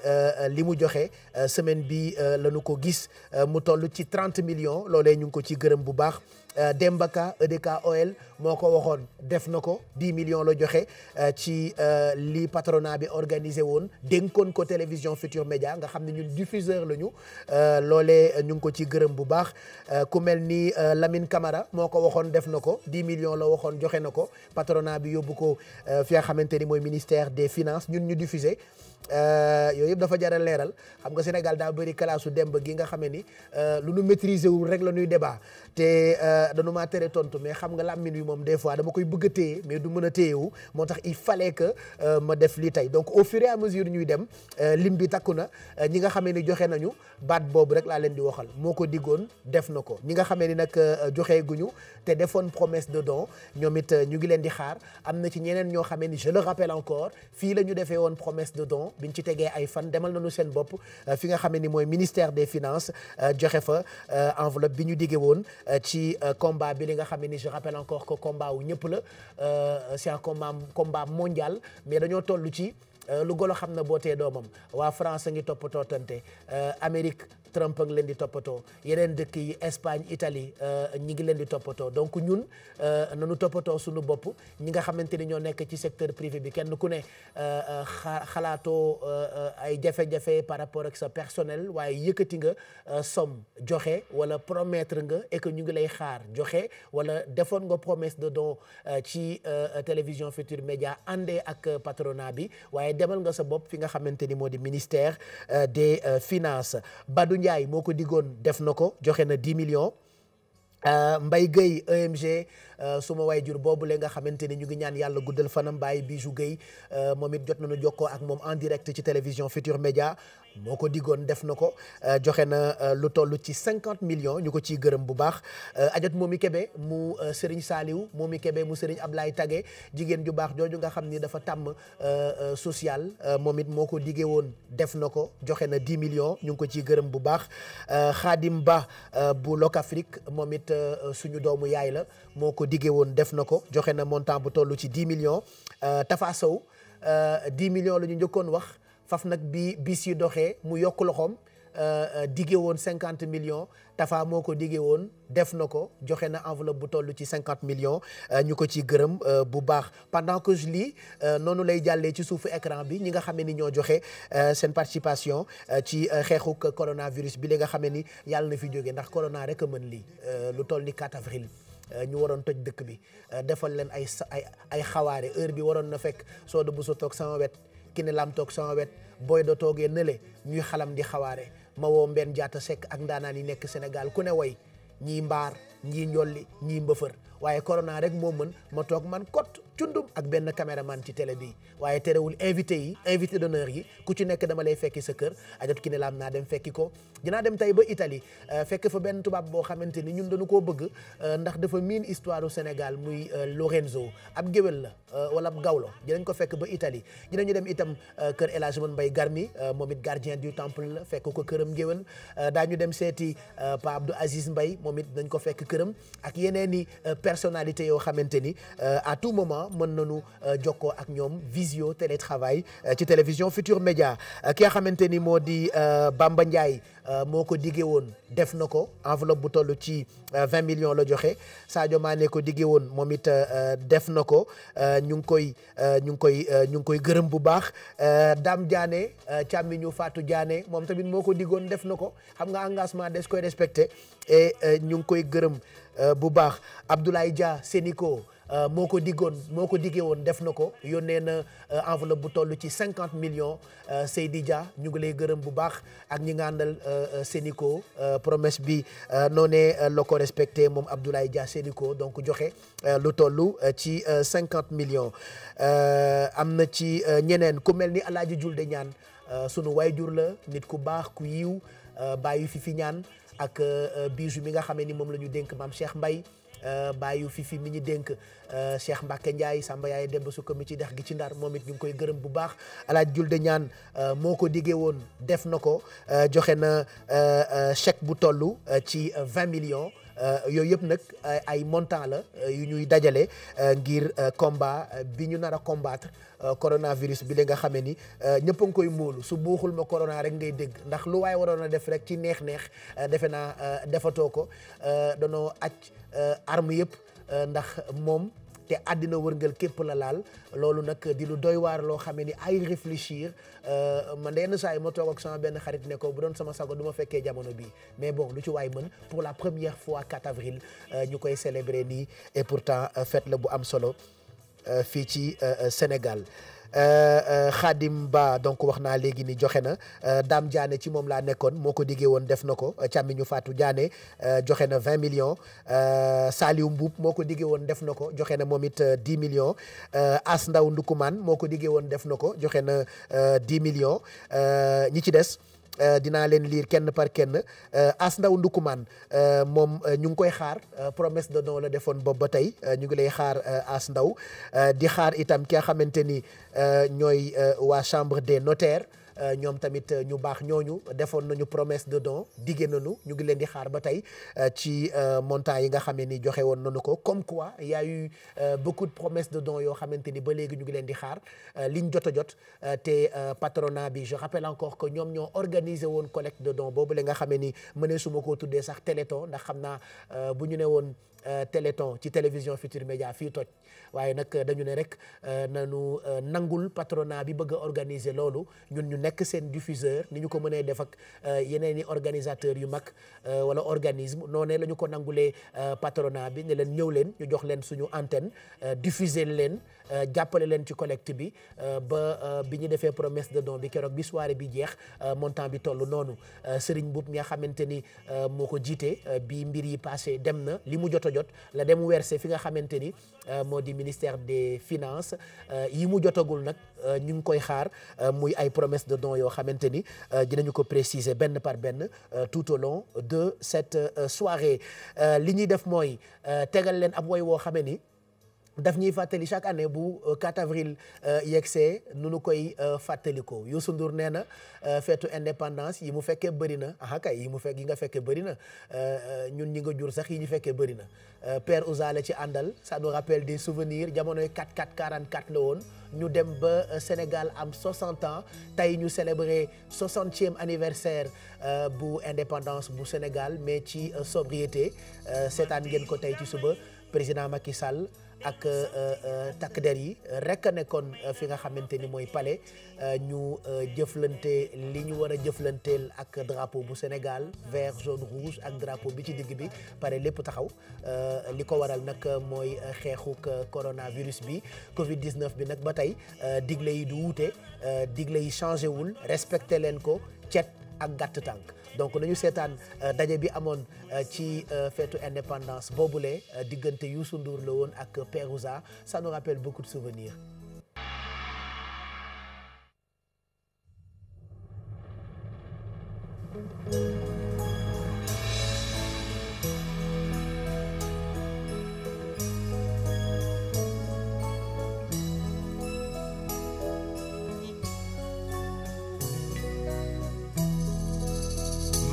li mu joxe semaine bi lañu ko gis mu toll ci trente million loolee ñu ngi ko ci gërëm bu baax Euh, Demba Ka e OL moo ko waxoon def na ko 10 million la joxe euh, ci euh, li patronat bi organisé woon dénkoon ko télévision Futur Média nga xam ne ñun diffuseur lañu loole loolee ñu ngi ko ci gërëm bu baax ku mel ni Lamine Camara moo ko waxoon def na ko 10 million la waxoon joxe na ko patronat bi yóbbu ko fi nga xamante ni mooy ministère des finances ñun ñu diffusé yooyu yëpp dafa jar leeral xam nga Sénégal daa bëri kalaasu demb gi nga xam ni lu nu maîtriser wul rek la ñuy débat dañu maa tere tontu mais xam nga làmmiñ wi moom des fois dama koy bëgg a téye mais du mën a téyewu moo tax il fallait que euh, ma def lii tey donc au fur et à mesure ñuy dem euh, lim bi takku na euh, ñi nga xamee ni joxe nañu baat boobu rek laa leen di waxal moo ko diggoon def na ko ñi nga xamee ni nag joxe ñu te defoon promesse de don ñoom it ñu ngi leen di xaar am na ci ñeneen ñoo xamee ni je a rappelle encore fii la ñu defee woon promesse de don biñ ci tegee ay fan demal nañu seen bopp fi nga xamee ni mooy ministère des finances joxe fa enveloppe bi ñu diggee woon Euh, combat bi li nga xam ne ni je rappelle encore que combat wu ñëpp la euh, c'est un combat combat mondial mais dañoo toll ci euh, lu golo xam na bootee doomam waa France ngi toppatootante Amérique Trump a leen di toppatoo yeneen dëkk yi Espagne Italie euh, ñi ngi leen di toppatoo donc ñun euh, nanu toppatoo sunu bopp ñi nga xamante ni ñoo nekk ci secteur privé bi kenn ku ne euh, xalaatoo ay jafe-jafe par rapport ak sa personnel waaye yëkkati nga som joxe wala promettre nga et que ñu ngi lay xaar joxe wala defoon nga promesse de don ci télévision Futur Média àndee ak patronat bi waaye demal nga sa bopp fi nga xamante ni moo di ministère des finance Badou Ndiaye moo ko diggoon def na ko joxe na 10 millions euh, Mbaye Gueye EMG euh, suma waayjur boobu la nga xamante ni ñu ngi ñaan yàlla guddal fanam Baye Bijou Gueye euh, moom it jot na nañu jokkoo ak moom en direct ci télévision Futur Média moo ko diggoon def na ko euh, joxe na euh, lu toll ci cinquante millions ñu ko ciy gërëm bu baax euh, ajot moomi Kébé mu Serigne Saliou moomi Kébé mu Serigne Ablaye Tagué jigéen ju baax jooju nga xam ni dafa tàmm social moom it moo ko diggee woon def na ko joxe na dix millions ñu ngi ko ciy gërëm bu baax Khadim Ba bu Locafrique moom it suñu doomu yaay la moo ko diggee woon def na ko joxe na montant bu toll ci dix millions Tafa Sow dix millions la njëkkoon wax. faf nag bi bis yi doxee mu yokk loxoom euh, euh, diggé woon cinquante millions Tafa moo ko diggé woon def na ko joxe na enveloppe bu toll ci cinquante millions euh, ñu ko ci gërëm bu baax pendant que je lis noonu lay jàllee ci suufu écran bi ñi nga xamee ni ñoo joxe seen participation ci xeexuk coronavirus bi li nga xamee ni yàlla na fi jóge ndax corona rek a mën lii lu toll ni 4 avril. ñu waroon toj dëkk bi defal leen ay ay ay xawaare heure bi waroon na fekk soo de bu sa toog sama wet ki ne laam toog sama wet booy do toogee nële ñuy xalam di xawaare ma woo mbenn jaata sekk ak ndaanaan yi nekk Sénégal ku ne way ñii mbaar ñii njolli ñii mbëfër waaye corona rek moo mën ma toog man kot cundum ak benn caméraman ci télé bi waaye terewul invité yi invité d'honneur yi ku ci nekk dama lay fekk sa kër ajot ki ne laam naa dem fekk ko dinaa dem tey ba Italie euh, fekk fa benn tubaab boo xamante ni ñun dañu koo bëgg euh, ndax dafa miin histoire du Sénégal muy euh, Lorenzo ab géwél la wala ab gawlo dinañ ko fekk ba Italie dinañu dem itam kër El Hadj Mbaye Garmi moom it gardien du temple la fekk ko këram géwél ñu dem seeti Pa Abdou Aziz Mbaye moom it dañ ko fekk këram ak yeneen i personnalité yoo xamante ni à tout moment mën nañu euh, jokkoo ak ñoom visio télétravail euh, ci télévision Futur Média euh, ki nga xamante ni moo di Bamba Ndiaye moo ko diggee woon def na ko enveloppe bu toll ci 20 million la joxe Sadio Mané ko diggee woon moom it def na ko ñu ngi koy ñu ngi koy ñu ngi koy gërëm bu baax Dame Diané càmmiñu Fatou jaane moom tamit moo ko diggoon def na ko xam nga engagement des koy respecté et ñu ngi koy gërëm bu baax Abdoulaye Dia Sénico Euh, moo ko diggoon moo ko diggee woon def na ko yónnee na euh, enveloppe bu toll ci cinquante millions euh, Seydi Dia ñu ngi lay gërëm bu baax ak ñi nga àndal Sénico promesse bi noonee la ko respecté moom Abdoulaye Dia Sénico donc joxe lu tollu ci cinquante millions am na ci ñeneen ku mel ni Alaaji Julde ñaan sunu jur la nit ku baax ku yiw bàyyi fi fi ñaan ak euh, euh, bijou mi nga xamee ni moom la ñu dénk maam Cheikh Mbaye euh, bàyyu fifi mi ñu dénk Cheikh Mbacke Ndiaye Samba Yaay Demba su ko mi ci dex gi ci ndar moom it ñu ngi koy gërëm bu baax alaaj julde ñaan moo ko diggee woon def na ko joxe na chèque bu toll ci 20 millions Euh, yooyu yëpp nag euh, ay montant la euh, yu ñuy dajale ngir combat bi ñu nar a combattre coronavirus bi la nga xamee ni ñëpp ngi koy móolu su buuxul ma corona rek ngay dégg ndax lu waaye waroon a def rek ci neex-neex defe naa defatoo ko danoo aj arme yëpp ndax moom te àddina wërngal képp la laal loolu nag di lu doy waar loo xamee ni ay réfléchir euh, man yenn saa yi ma toog ak sama benn xarit ne ko bu doon sama sago du ma fekkee jamono bii mais bon lu ci waay mën pour la première fois 4 avril euh, ñu koy célébrer nii et pourtant euh, fête la bu am solo fii ci Sénégal Euh, euh, Khadim Ba donc wax naa léegi ni joxe na euh, Dame Diané ci moom laa nekkoon moo ko diggee woon def na ko càmmiñu Fatou Diané joxe na 20 millions Saliou Mboup moo ko diggee woon def na ko joxe na moom it 10 millions As Ndaw Ndukumaan moo ko diggee woon def na ko joxe na 10 millions ñi ci des. Euh, dinaa leen liir kenn par kenn euh, as ndaw ndukumaan euh, moom ñu ngi koy xaar promesse de don la defoon boobu ba tey ñu ngi lay xaar as ndaw di xaar itam ki nga xamante ni ñooy waa chambre des notaires Euh, ñoom tamit euh, ñu baax ñooñu defoon nañu promesse de don diggé nañu ñu ngi leen di xaar ba tey euh, ci montant yi nga xam ne ni joxe woon nañu ko comme quoi y a eu beaucoup de de don yoo xamante ni ba léegi ñu ngi leen di xaar liñ jot a jot te patronat bi je rappelle encore que ñoom ñoo organisé woon collecte de don boobu la nga xam ne ni mënee su koo tuddee sax téléthon ndax xam naa bu ñu ne woon téléthon ci télévision Futur Média fii toj waaye nag dañu ne rek euh, nañu euh, nangul patronat bi bëgg a organiser loolu ñun ñu nekk seen diffuseur ni ñu ko mënee def ak euh, yeneen i organisateurs yu mag wala organisme noonee la ñu ko nangulee patronat bi ne leen ñëw leen ñu jox leen suñu antenne diffuser leen jàppale leen ci collect bi ba bi ñu defee promesse de don bi keroog bi soirée bi jeex montant bi toll noonu Serigne Mboup mi nga xamante ni moo ko jiite bi mbir yi passé dem na li mu jot a jot la dem werse fi nga xamante ni ministère des finances euh, yi mu jotagul nag euh, ñu ngi koy xaar euh, muy ay promesse de dons yoo xamante ni dinañu ko préciser benn par benn tout au long de cette soirée li ñuy def mooy tegal leen ab woy woo xame ni daf ñuy fàttali chaque année bu 4 euh, avril euh, yegsee nu nu koy euh, fàttalikoo Youssou Ndour nee na feetu indépendance yi mu fekkee bëri na aha kay yi mu fekk yi nga fekkee bëri na ñun ñi nga jur sax yi ñu fekkee bëri na Père Ousa ci àndal ça nous rappelle des souvenirs jamonoy 4 4 44 la woon ñu dem ba Sénégal am 60 ans tey ñu célébrer 60e anniversaire bu indépendance bu Sénégal mais ci sobriété seetaan ngeen ko tey ci suba président Macky Sall. ak euh, euh, takk der yi euh, rek a nekkoon fi nga xamante ni mooy palais ñu jëflante li ñu war a jëflanteel ak drapeau bu Sénégal vert jaune rouge ak drapeau bi ci digg bi pare lépp taxaw li ko waral nag mooy xeexuk coronavirus bi Covid 19 bi nag ba tey digle yi du wuute digle yi changé wul respecté leen ko cet ak gàtt tànk. donc nañu seetaan euh, daje bi amoon euh, ci euh, feetu indépendance boobule diggante Youssou Ndour la woon ak Perouza ça nous rappelle beaucoup de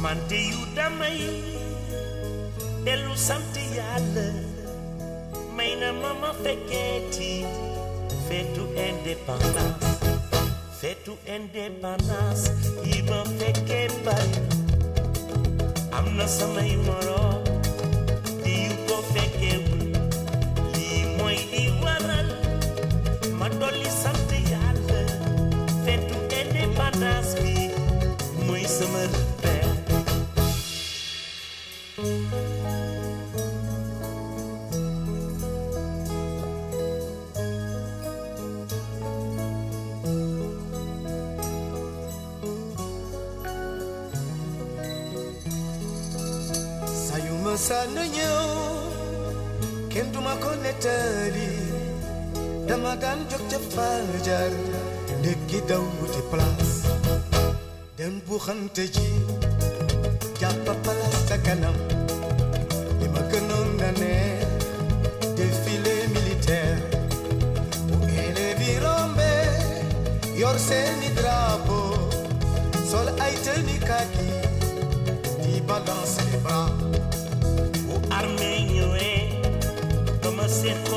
man de yu damay dellu sant yàlla may na ma ma fekkeeti feetu indépendance feetu indépendance yi ma fekkee bari am na samay moro
dama daan jóg ca faal jaar ndekki daw wuti place dem bu xante ji jàppa palaas ca li ma gënoon na neex défilé militaire bu élèves yi rombe yor seeni drapeau sol ay tenue kaki di balance les bras bu armée ñëwee
dama seet ko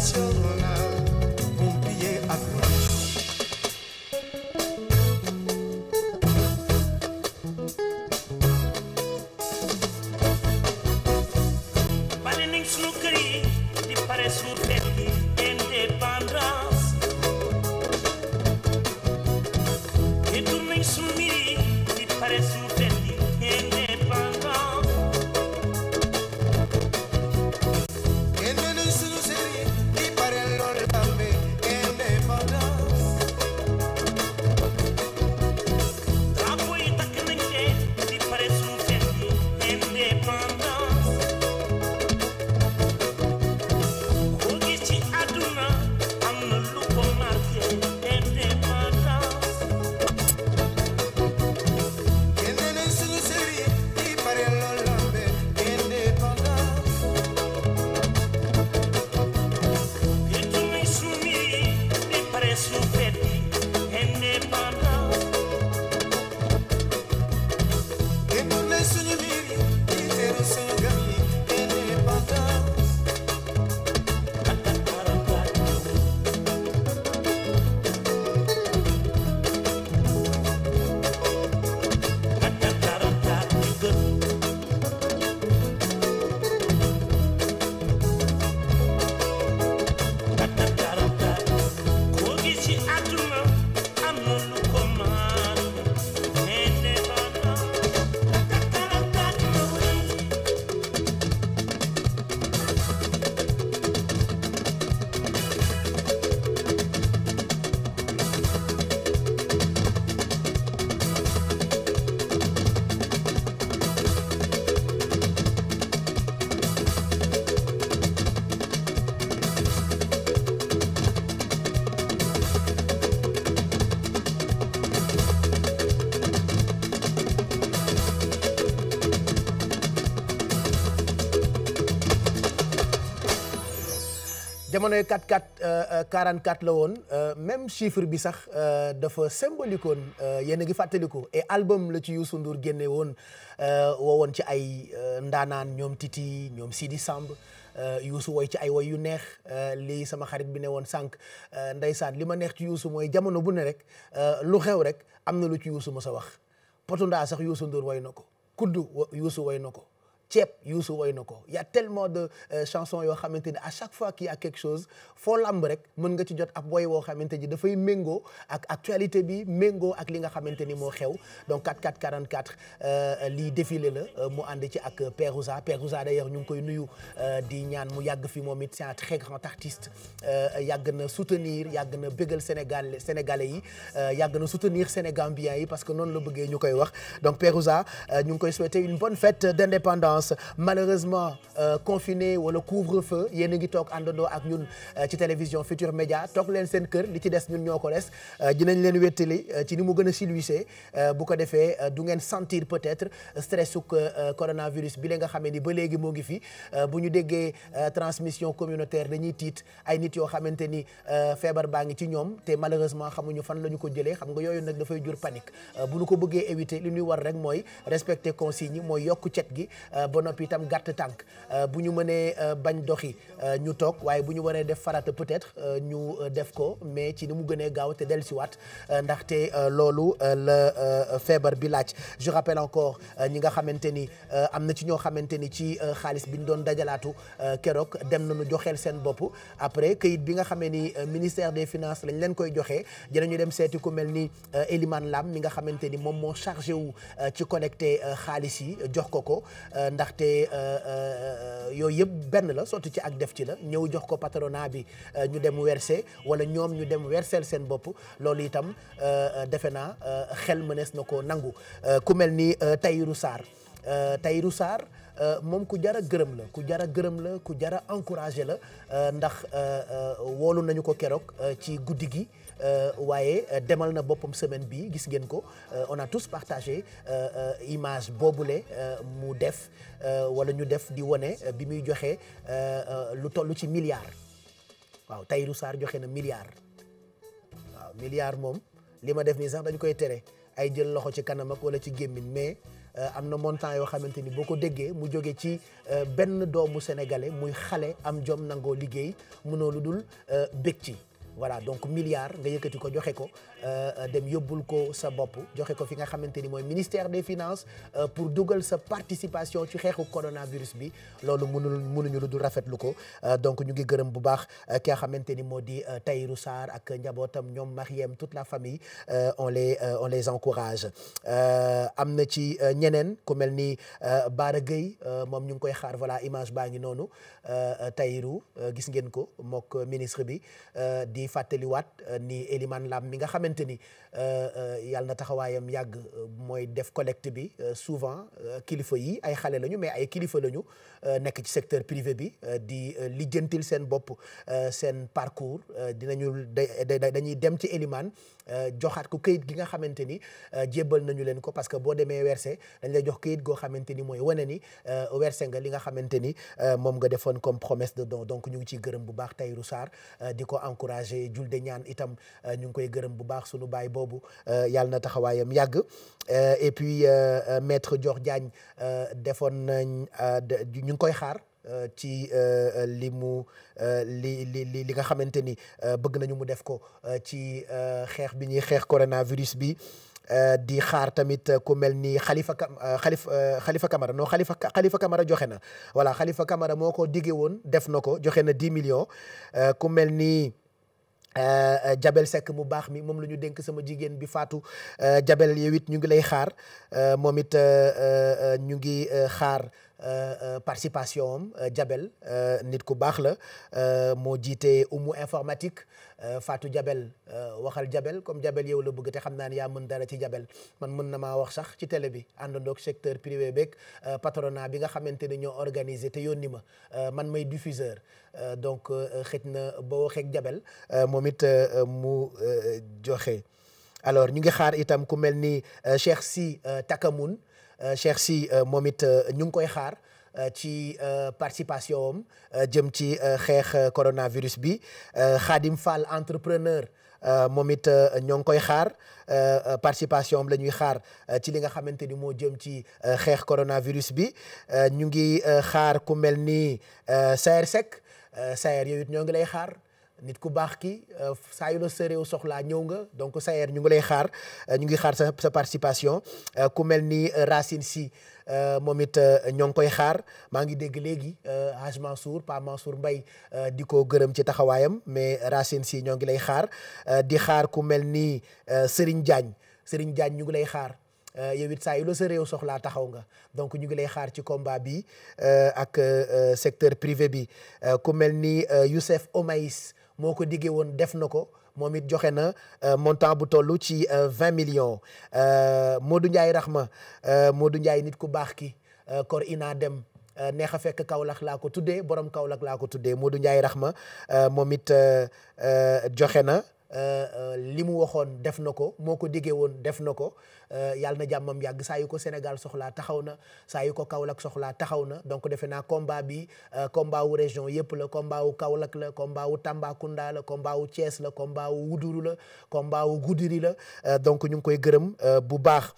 that's your
jamonoy 44 44 euh, euh, la woon euh, même chiffre bi sax dafa symbolique woon yéen a ngi fàttaliku et album la ci Youssou Ndour génne woon woon ci ay ndaanaan ñoom Titi ñoom di Samb Youssou woy ci ay woy yu neex lii sama xarit bi ne woon sànq ndeysaan li ma neex ci yuusu mooy jamono bu ne rek lu xew rek am na lu ci Youssou mës sa wax Potundaa sax Youssou Ndour woy na ko Kuddu Youssou woy na ko. ceeb Youssou woy na ko y' a tellement de euh, chansons yoo xamante ni à chaque fois qu'il y a quelque chose foo lamb rek mën nga ci jot ab woy woo xamante ni dafay méngoo ak actualité bi méngoo ak li nga xamante ni moo xew donc 44 44 euh, lii défilé la euh, mu ànd ci ak Perouza Perouza d'ailleurs ñu ngi koy nuyu di ñaan mu yàgg fi moom it c'est un très grand artiste yàgg na soutenir yàgg na bégal Sénégal sénégalais yi yàgg na soutenir sénégambien yi parce que noonu la bëggee ñu koy wax donc Perouza ñu violence malheureusement euh, confiné wala couvre-feu yéen a ngi toog àndandoo ak ñun euh, ci télévision Futur Média toog leen seen kër li ci des ñun ñoo ko des euh, dinañ leen wettali ci ni mu gën a silwise bu ko defee du ngeen sentir peut-être stress suk coronavirus bi la nga xamee ni ba léegi moo ngi fi bu ñu déggee transmission communautaire dañuy tiit ay nit yoo xamante ni feebar baa ngi ci ñoom te malheureusement xamuñu fan la ñu ko jëlee xam nga yooyu nag dafay jur panique bu ñu ko bëggee éviter ba noppi itam gàtt tànk euh, bu ñu mënee euh, bañ doxi euh, ñu toog waaye bu ñu waree def farata peut-être ñu def ko mais ci ni mu gënee gaaw te dellusiwaat ndaxte loolu la feebar bi laaj je rappelle encore ñi nga xamante ni am na ci ñoo xamante ni ci xaalis bi ñu doon dajalaatu keroog dem nañu joxeel seen bopp après kayit bi nga xamee ni ministère des finances lañ leen koy joxe dinañu dem seeti ku mel ni éliment laam mi nga xamante ni moom moo chargé wu ci connecté xaalis yi jox ko ko. ndaxte euh, euh, yooyu yëpp benn la sotti ci ak def ci la ñëw jox ko patronat bi euh, ñu dem werse wala ñoom ñu dem werseel seen bopp loolu itam defe naa xel mënees na ko nangu ku mel ni Tahirou Sarr Tahirou Sarr moom ku jara gërëm la ku jara gërëm la ku jara encouragé la ndax woolu nañu ko keroog ci guddi gi Euh, waaye euh, demal na boppam semaine bi gis ngeen ko euh, on a tous partagé image boobule mu def wala ñu def di wone bi muy joxe lu toll ci milliard waaw Tahirou Sarr joxe na milliard waaw milliard moom li ma def nii sax dañ koy tere ay jël loxo ci kanam ak wala ci gémmiñ mais am na montant yoo xamante ni boo ko déggee mu jóge ci benn doomu sénégalais muy xale am jom nangoo liggéey mënoo lu dul bég ci voilà donc milliard nga yëkkati ko joxe ko Euh, euh, dem yóbbul ko sa bopp joxe ko fi nga xamante ni mooy ministère des finances euh, pour dugal sa participation ci xeexu coronavirus bi loolu mënul mënuñu lu dul rafetlu ko donc ñu ngi gërëm bu baax ki nga xamante ni moo di Tahirou Sarr ak njabootam ñoom Mariem toute la famille on les on les encourage am na ci ñeneen ku mel ni Bara Gueye moom ñu ngi koy xaar voilà image baa ngi noonu Tahirou gis ngeen ko mook ministre bi di fàttaliwaat ni Elimane Lam mi nga xamante xamante ni euh, euh, yàlla na taxawaayam yàgg euh, mooy def collect bi souvent kilifa yi ay xale lañu mais ay kilifa lañu nekk ci secteur privé bi di lijjantil seen bopp seen parcours dinañu dañuy dem ci Elimane Euh, joxaat ko kayit gi nga xamante ni euh, jébbal nañu leen ko parce que boo demee werse dañ lay jox kayit goo xamante ni mooy wane ni euh, werse nga li nga xamante ni moom nga defoon comme promesse de don donc ñu ngi ciy gërëm bu baax Tahirou Sarr di ko encouragé julde ñaan itam ñu ngi koy gërëm bu baax sunu baay boobu yàlla na taxawaayam yàgg et puis maître Dior Diagne defoon nañ ñu ngi koy xaar Euh, ci euh, li mu euh, li li li li nga xamante ni bëgg nañu mu def ko ci xeex bi ñuy xeex coronavirus bi di xaar tamit ku mel ni Khalifa Cam Khalifa Khalifa Camara non Khalifa joxe na voilà Khalifa Camara moo ko diggee woon def na ko joxe na 10 millions ku mel nii Euh, euh, Jabel Seck mu baax mi moom la ñu dénk sama jigéen bi Fatou euh, Jabel yow it ñu ngi lay xaar moom it ñu ngi xaar participation am Jabel nit ku baax la moo jiite umu informatique Euh, Fatou Jabel euh, waxal Jabel comme Jabel yow la bugg te xam naan yaa mën dara ci Jabel man mën na maa wax sax ci télé bi àndandoog secteur privé beeg euh, patronat bi nga xamante ne ñoo organisé te yónni ma man may diffuseur donc xëj na boo waxee Jabel moom it mu joxe. alors ñu ngi xaar itam ku mel ni Cheikh Si Takamoun Cheikh Si moom it ñu ngi koy xaar. Euh, ci euh, participation am euh, jëm ci xeex coronavirus bi xaadim Fall entrepreneur moom it ñoo ngi koy xaar participation am la ñuy xaar ci li nga xamante ni moo jëm ci xeex coronavirus bi ñu ngi xaar ku mel ni Saer Seck Saer yow ñoo ngi lay xaar. nit ku baax ki saa yu la sa réew soxlaa ñëw nga donc Saer ñu ngi lay xaar ñu ngi xaar sa sa participation ku mel ni Racine si Euh, moom it euh, ñoo ngi koy xaar maa ngi dégg léegi euh, Haj Mansour Pa Mansour mbay di ko gërëm ci taxawaayam mais Racine si ñoo ngi lay xaar di xaar ku mel ni Serigne Diagne Serigne Diagne ñu ngi lay xaar yow it saa yu la sa réew soxlaa taxaw nga donc ñu ngi lay xaar ci combat bi ak secteur privé bi ku mel ni Youssef omais moo ko diggee woon def na ko. moom it joxe na euh, montant bu toll ci euh, vingt millions euh, Modou Ndiaye Rahma Modou Ndiaye nit ku baax ki kor ina dem neex a fekk Kaolack laa ko tuddee borom Kaolack laa ko tuddee Modou Ndiaye Rahma moom it joxe na. Euh, euh, li mu waxoon def na ko moo ko diggee woon def na ko euh, yàlla na jàmmam yàgg saa yu ko Sénégal soxla taxaw na saa yu ko Kaolack soxlaa taxaw na donc defe naa combat bi combat wu région yëpp la combat wu Kaolack la combat wu Tambacounda la combat wu Thiès la combat wu Wuduru la combat wu Goudiri la donc ñu ngi koy gërëm bu baax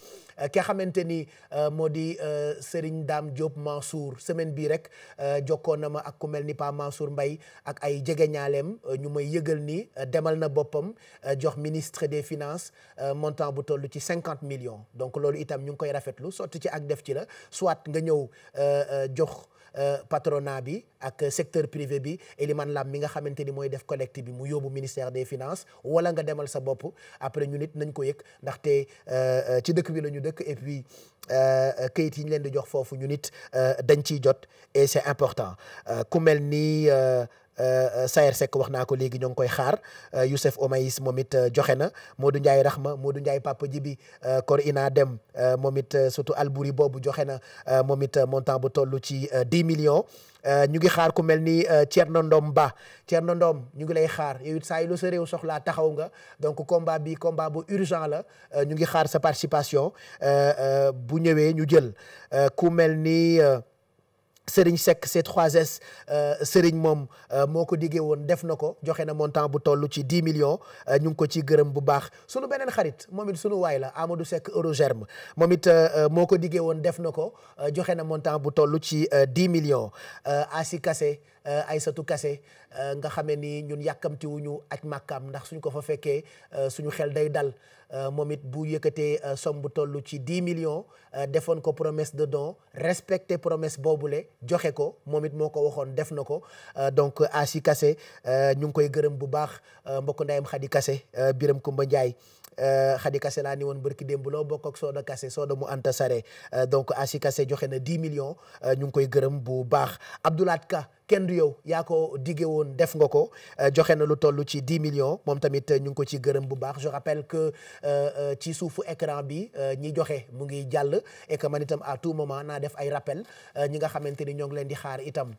ki nga xamante ni euh, moo di euh, Serigne Dame Diop Mansour semaine bii rek euh, jokkoon na ma ak ku mel ni Pa Mansour mbay ak ay jegeñaaleem ñu may yëgal ni demal na boppam jox ministre des finances montant bu toll ci cinquante millions donc loolu itam ñu ngi koy rafetlu sotti ci ak def ci la soit nga ñëw jox. Euh, patronat bi ak secteur privé bi Elimane Lam mi nga xamante ni mooy def collecte bi mu yóbbu ministère des finances wala nga demal sa bopp après ñu nit nañ ko yëg ndaxte euh, euh, ci dëkk bi la ñu dëkk et puis kayit yi ñu leen di jox foofu ñu nit dañ ciy jot et c'est important ku mel ni. Euh, euh, Saer Seck wax naa ko léegi ñoo ngi koy xaar euh, Youssef Omaïs moom it joxe na Modou Ndiaye Rahma Modou Ndiaye Papa Djibi Corina Dem moom it surtout Albouri boobu joxe na moom it montant bu toll ci 10 millions ñu ngi xaar ku mel ni Thierno Ndom Ba Thierno Ndom ñu ngi lay xaar yow it saa yi lu sa réew soxlaa taxaw nga donc combat bi komba bu urgent la ñu ngi xaar sa participation bu ñëwee ñu jël ku mel nii Serigne Seck C3S euh, Serigne moom euh, moo ko diggee woon def na ko joxe na montant bu toll ci 10 millions euh, ñu ngi ko ci gërëm bu baax sunu beneen xarit moom it sunu waay la Amadou Seck Eurogerme moom it moo ko diggee woon def na ko joxe na montant bu toll ci 10 millions Asi kase ay euh, Aysatu Kase euh, nga xamee ni ñun yàkkamtiwuñu aj màkkaam ndax suñ ko fa fekkee euh, suñu xel day dal moom it bu yëkkatee somme bu toll ci 10 millions defoon ko promesse de don respecté promesse boobule joxe ko moom it moo ko waxoon def na ko donc Asi Kase ñu ngi koy gërëm bu baax mbokku ndeyam Xadi Kase Biram Kumba Njaay Euh, Khady Kassé laa ni woon barki démb loo bokk ak Soda Kassé Soda mu Anta Sare euh, donc Asi Kassé joxe na 10 millions euh, ñu ngi koy gërëm bu baax Abdoulaat Ka kenn du yow yaa ko diggee woon def nga ko joxe na lu toll ci 10 millions moom tamit ñu ngi ko ci gërëm bu baax je rappelle que ci suufu écran bi ñi joxe mu ngi jàll et itam à tout moment naa def ay rappel ñi nga xamante ni ñoo ngi leen di xaar itam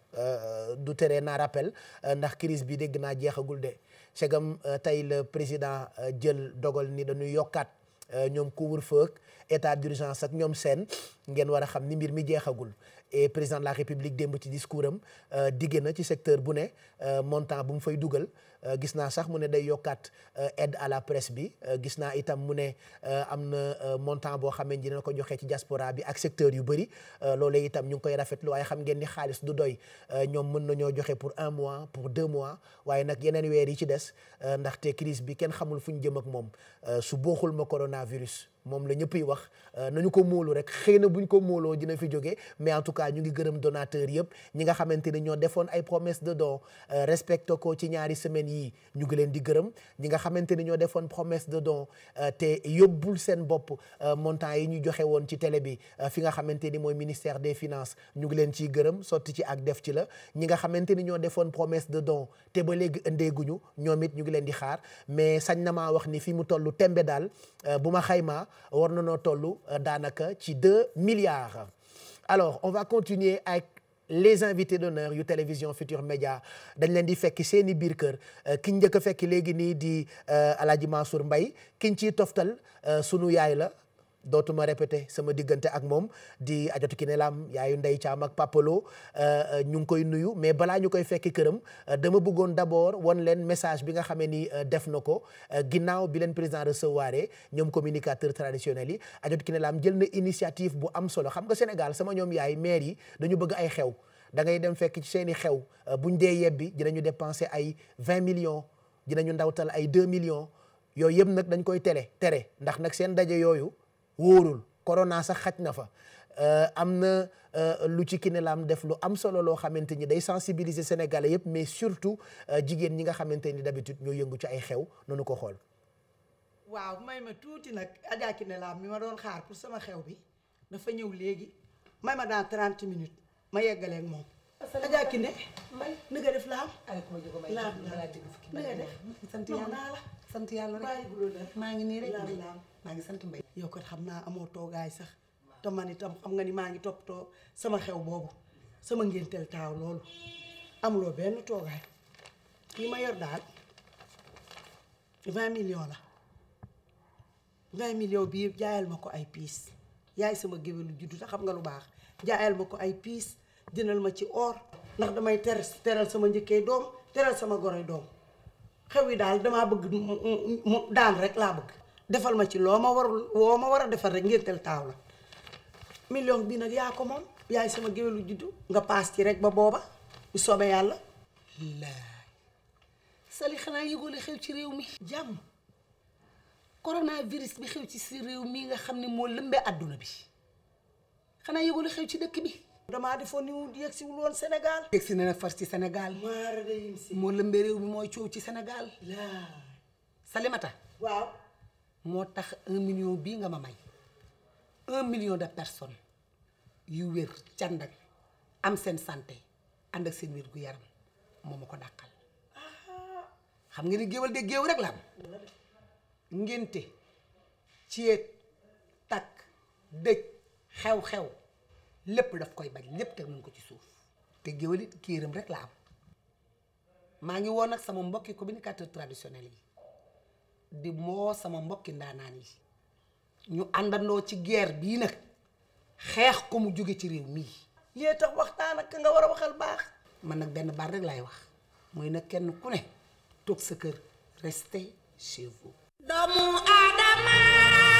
du tere naa rappel ndax crise bi dégg naa jeexagul de. segam euh, tey le président euh, jël dogal ni dañuy yokkaat euh, ñoom couvre-feu état d'urgence ak ñoom seen ngeen war a xam ni mbir mi jeexagul et président de la république démb ci discours am diggé na ci secteur bu ne montant bu mu fay dugal Euh, gis naa sax mu ne day yokkaat euh, aide à la press bi euh, gis naa itam mu ne am na montant boo xam ne dina ko joxee ci diaspora bi ak secteur yu bëri loolee itam ñu ngi koy rafetlu waaye xam ngeen ni xaalis du doy ñoom mën nañoo joxe pour un mois pour deux mois waaye nag yeneen weer yi ci des ndaxte crise bi kenn xamul fu ñu jëm ak moom su booxul ma coronavirus moom la ñëpp yi wax nañu ko móolu rek xëy na buñ ko móoloo dina fi jóge mais en tout cas ñu ngi gërëm donateur yëpp ñi nga xamante ni ñoo defoon ay promesse de don respecté ko ci ñi ñu ngi leen di gërëm ñi nga xamante ni ñoo defoon promesse de don euh, te yóbbul seen bopp euh, montant yi ñu joxe woon ci télé bi euh, fi nga xamante ni mooy ministère des finance ñu ngi leen ciy gërëm sotti ci ak def ci la ñi nga xamante ni ñoo defoon promesse de don te ba léegi ëndeeguñu ñoom it ñu ngi leen di xaar mais sañ na maa wax ni fi mu tollu tembe daal bu ma xaymaa war na noo toll daanaka ci deux milliards alors on va continuer les invités d'honneur yu télévision Futur Média dañ leen di fekki seen biir kër euh, ki njëkk a fekki léegi nii di euh, Alaaji Mansour Mbaye kiñ ciy toftal euh, sunu yaay la dootuma répété sama diggante ak moom di ajatu ki ne laam yaayu ndey caam ak euh, euh, ñu ngi koy nuyu mais balaa ñu koy fekki këram euh, dama bëggoon d'abord won leen message bi nga xamee ni def na ko ginnaaw bi leen président recevoir ñoom communicateur traditionnel yi ajatu ki ne laam jël na initiative bu am solo xam nga Sénégal sama ñoom yaay maire yi dañu bëgg ay xew da ngay dem fekk ci seeni xew buñ dee yebbi dinañu dépenser ay 20 millions dinañu ndawtal ay 2 millions yooyu yëpp nag dañ koy tele tere ndax nag seen daje yooyu wóorul corona sax xaj na fa euh, am na euh, lu ci Kiné Lam def lu am solo loo xamante ni day sensibiliser sénégalais yëpp mais surtout euh, jigéen ñi nga xamante ni d'habitude ñoo yëngu ci ay xew nanu ko xool
waaw may ma tuuti nag Adja Kiné Lam mi ma doon xaar pour sama xew bi dafa ñëw léegi may ma dans 30 minutes ma yeggale ak moom Adja may na nga def laam laam na nga def sant yàlla sant yàlla rek maa ngi nii rek maa ngi sant mbay yow xam naa amoo toogaay sax te man itam xam nga ni maa ngi toppatoo sama xew boobu sama ngénteel taaw loolu amuloo benn toogaay li ma yor daal vingt million la vingt millions bi yëpp jaayal ma ko ay piis yaay sama géwélu juddu te xam nga lu baax jaayal ma ko ay piis jënal ma ci or ndax damay ter teral sama njëkkee doom teral sama goroy doom xew yi daal damaa bëgg mu daan rek laa bëgg defal ma ci loo ma warul woo ma war a defal rek ngéntel taaw la million bi nag yaa ko moom yaay sama géwélu juddu nga paas ci rek ba booba bu soobee yàlla laay sali xanaa yëgoo li xew ci réew mi jàmm coronavirus bi xew ci si réew mi nga xam ni moo lëmbee àdduna bi xanaa yëgoo li xew ci dëkk bi damaa defoon ni mu yegsiwul woon Sénégal. yegsi na ne far ci Sénégal. maar moo lëmbee réew mi mooy coow ci Sénégal. Salimata. waaw. moo tax un million bii nga ma may un million de personnes yu wér candak am seen santé ànd ak seen wér gu yaram moo ma dàqal. Ah. xam nga ni géwal de géew rek la am. ngénte ceet takk dëj xew-xew. lépp daf koy bañ lépp te nañ ko ci suuf te géwél it kiiram rek la am maa ngi woon nag sama mbokki communicateur traditionnel yi di moo sama mbokki ndaanaan yi ñu àndandoo ci geer bii nag xeex ko mu jóge ci réew mii lee tax waxtaan ak nga war a waxal baax man nag benn baat rek laay wax mooy nag kenn ku ne toog sa kër restez chez vous Adama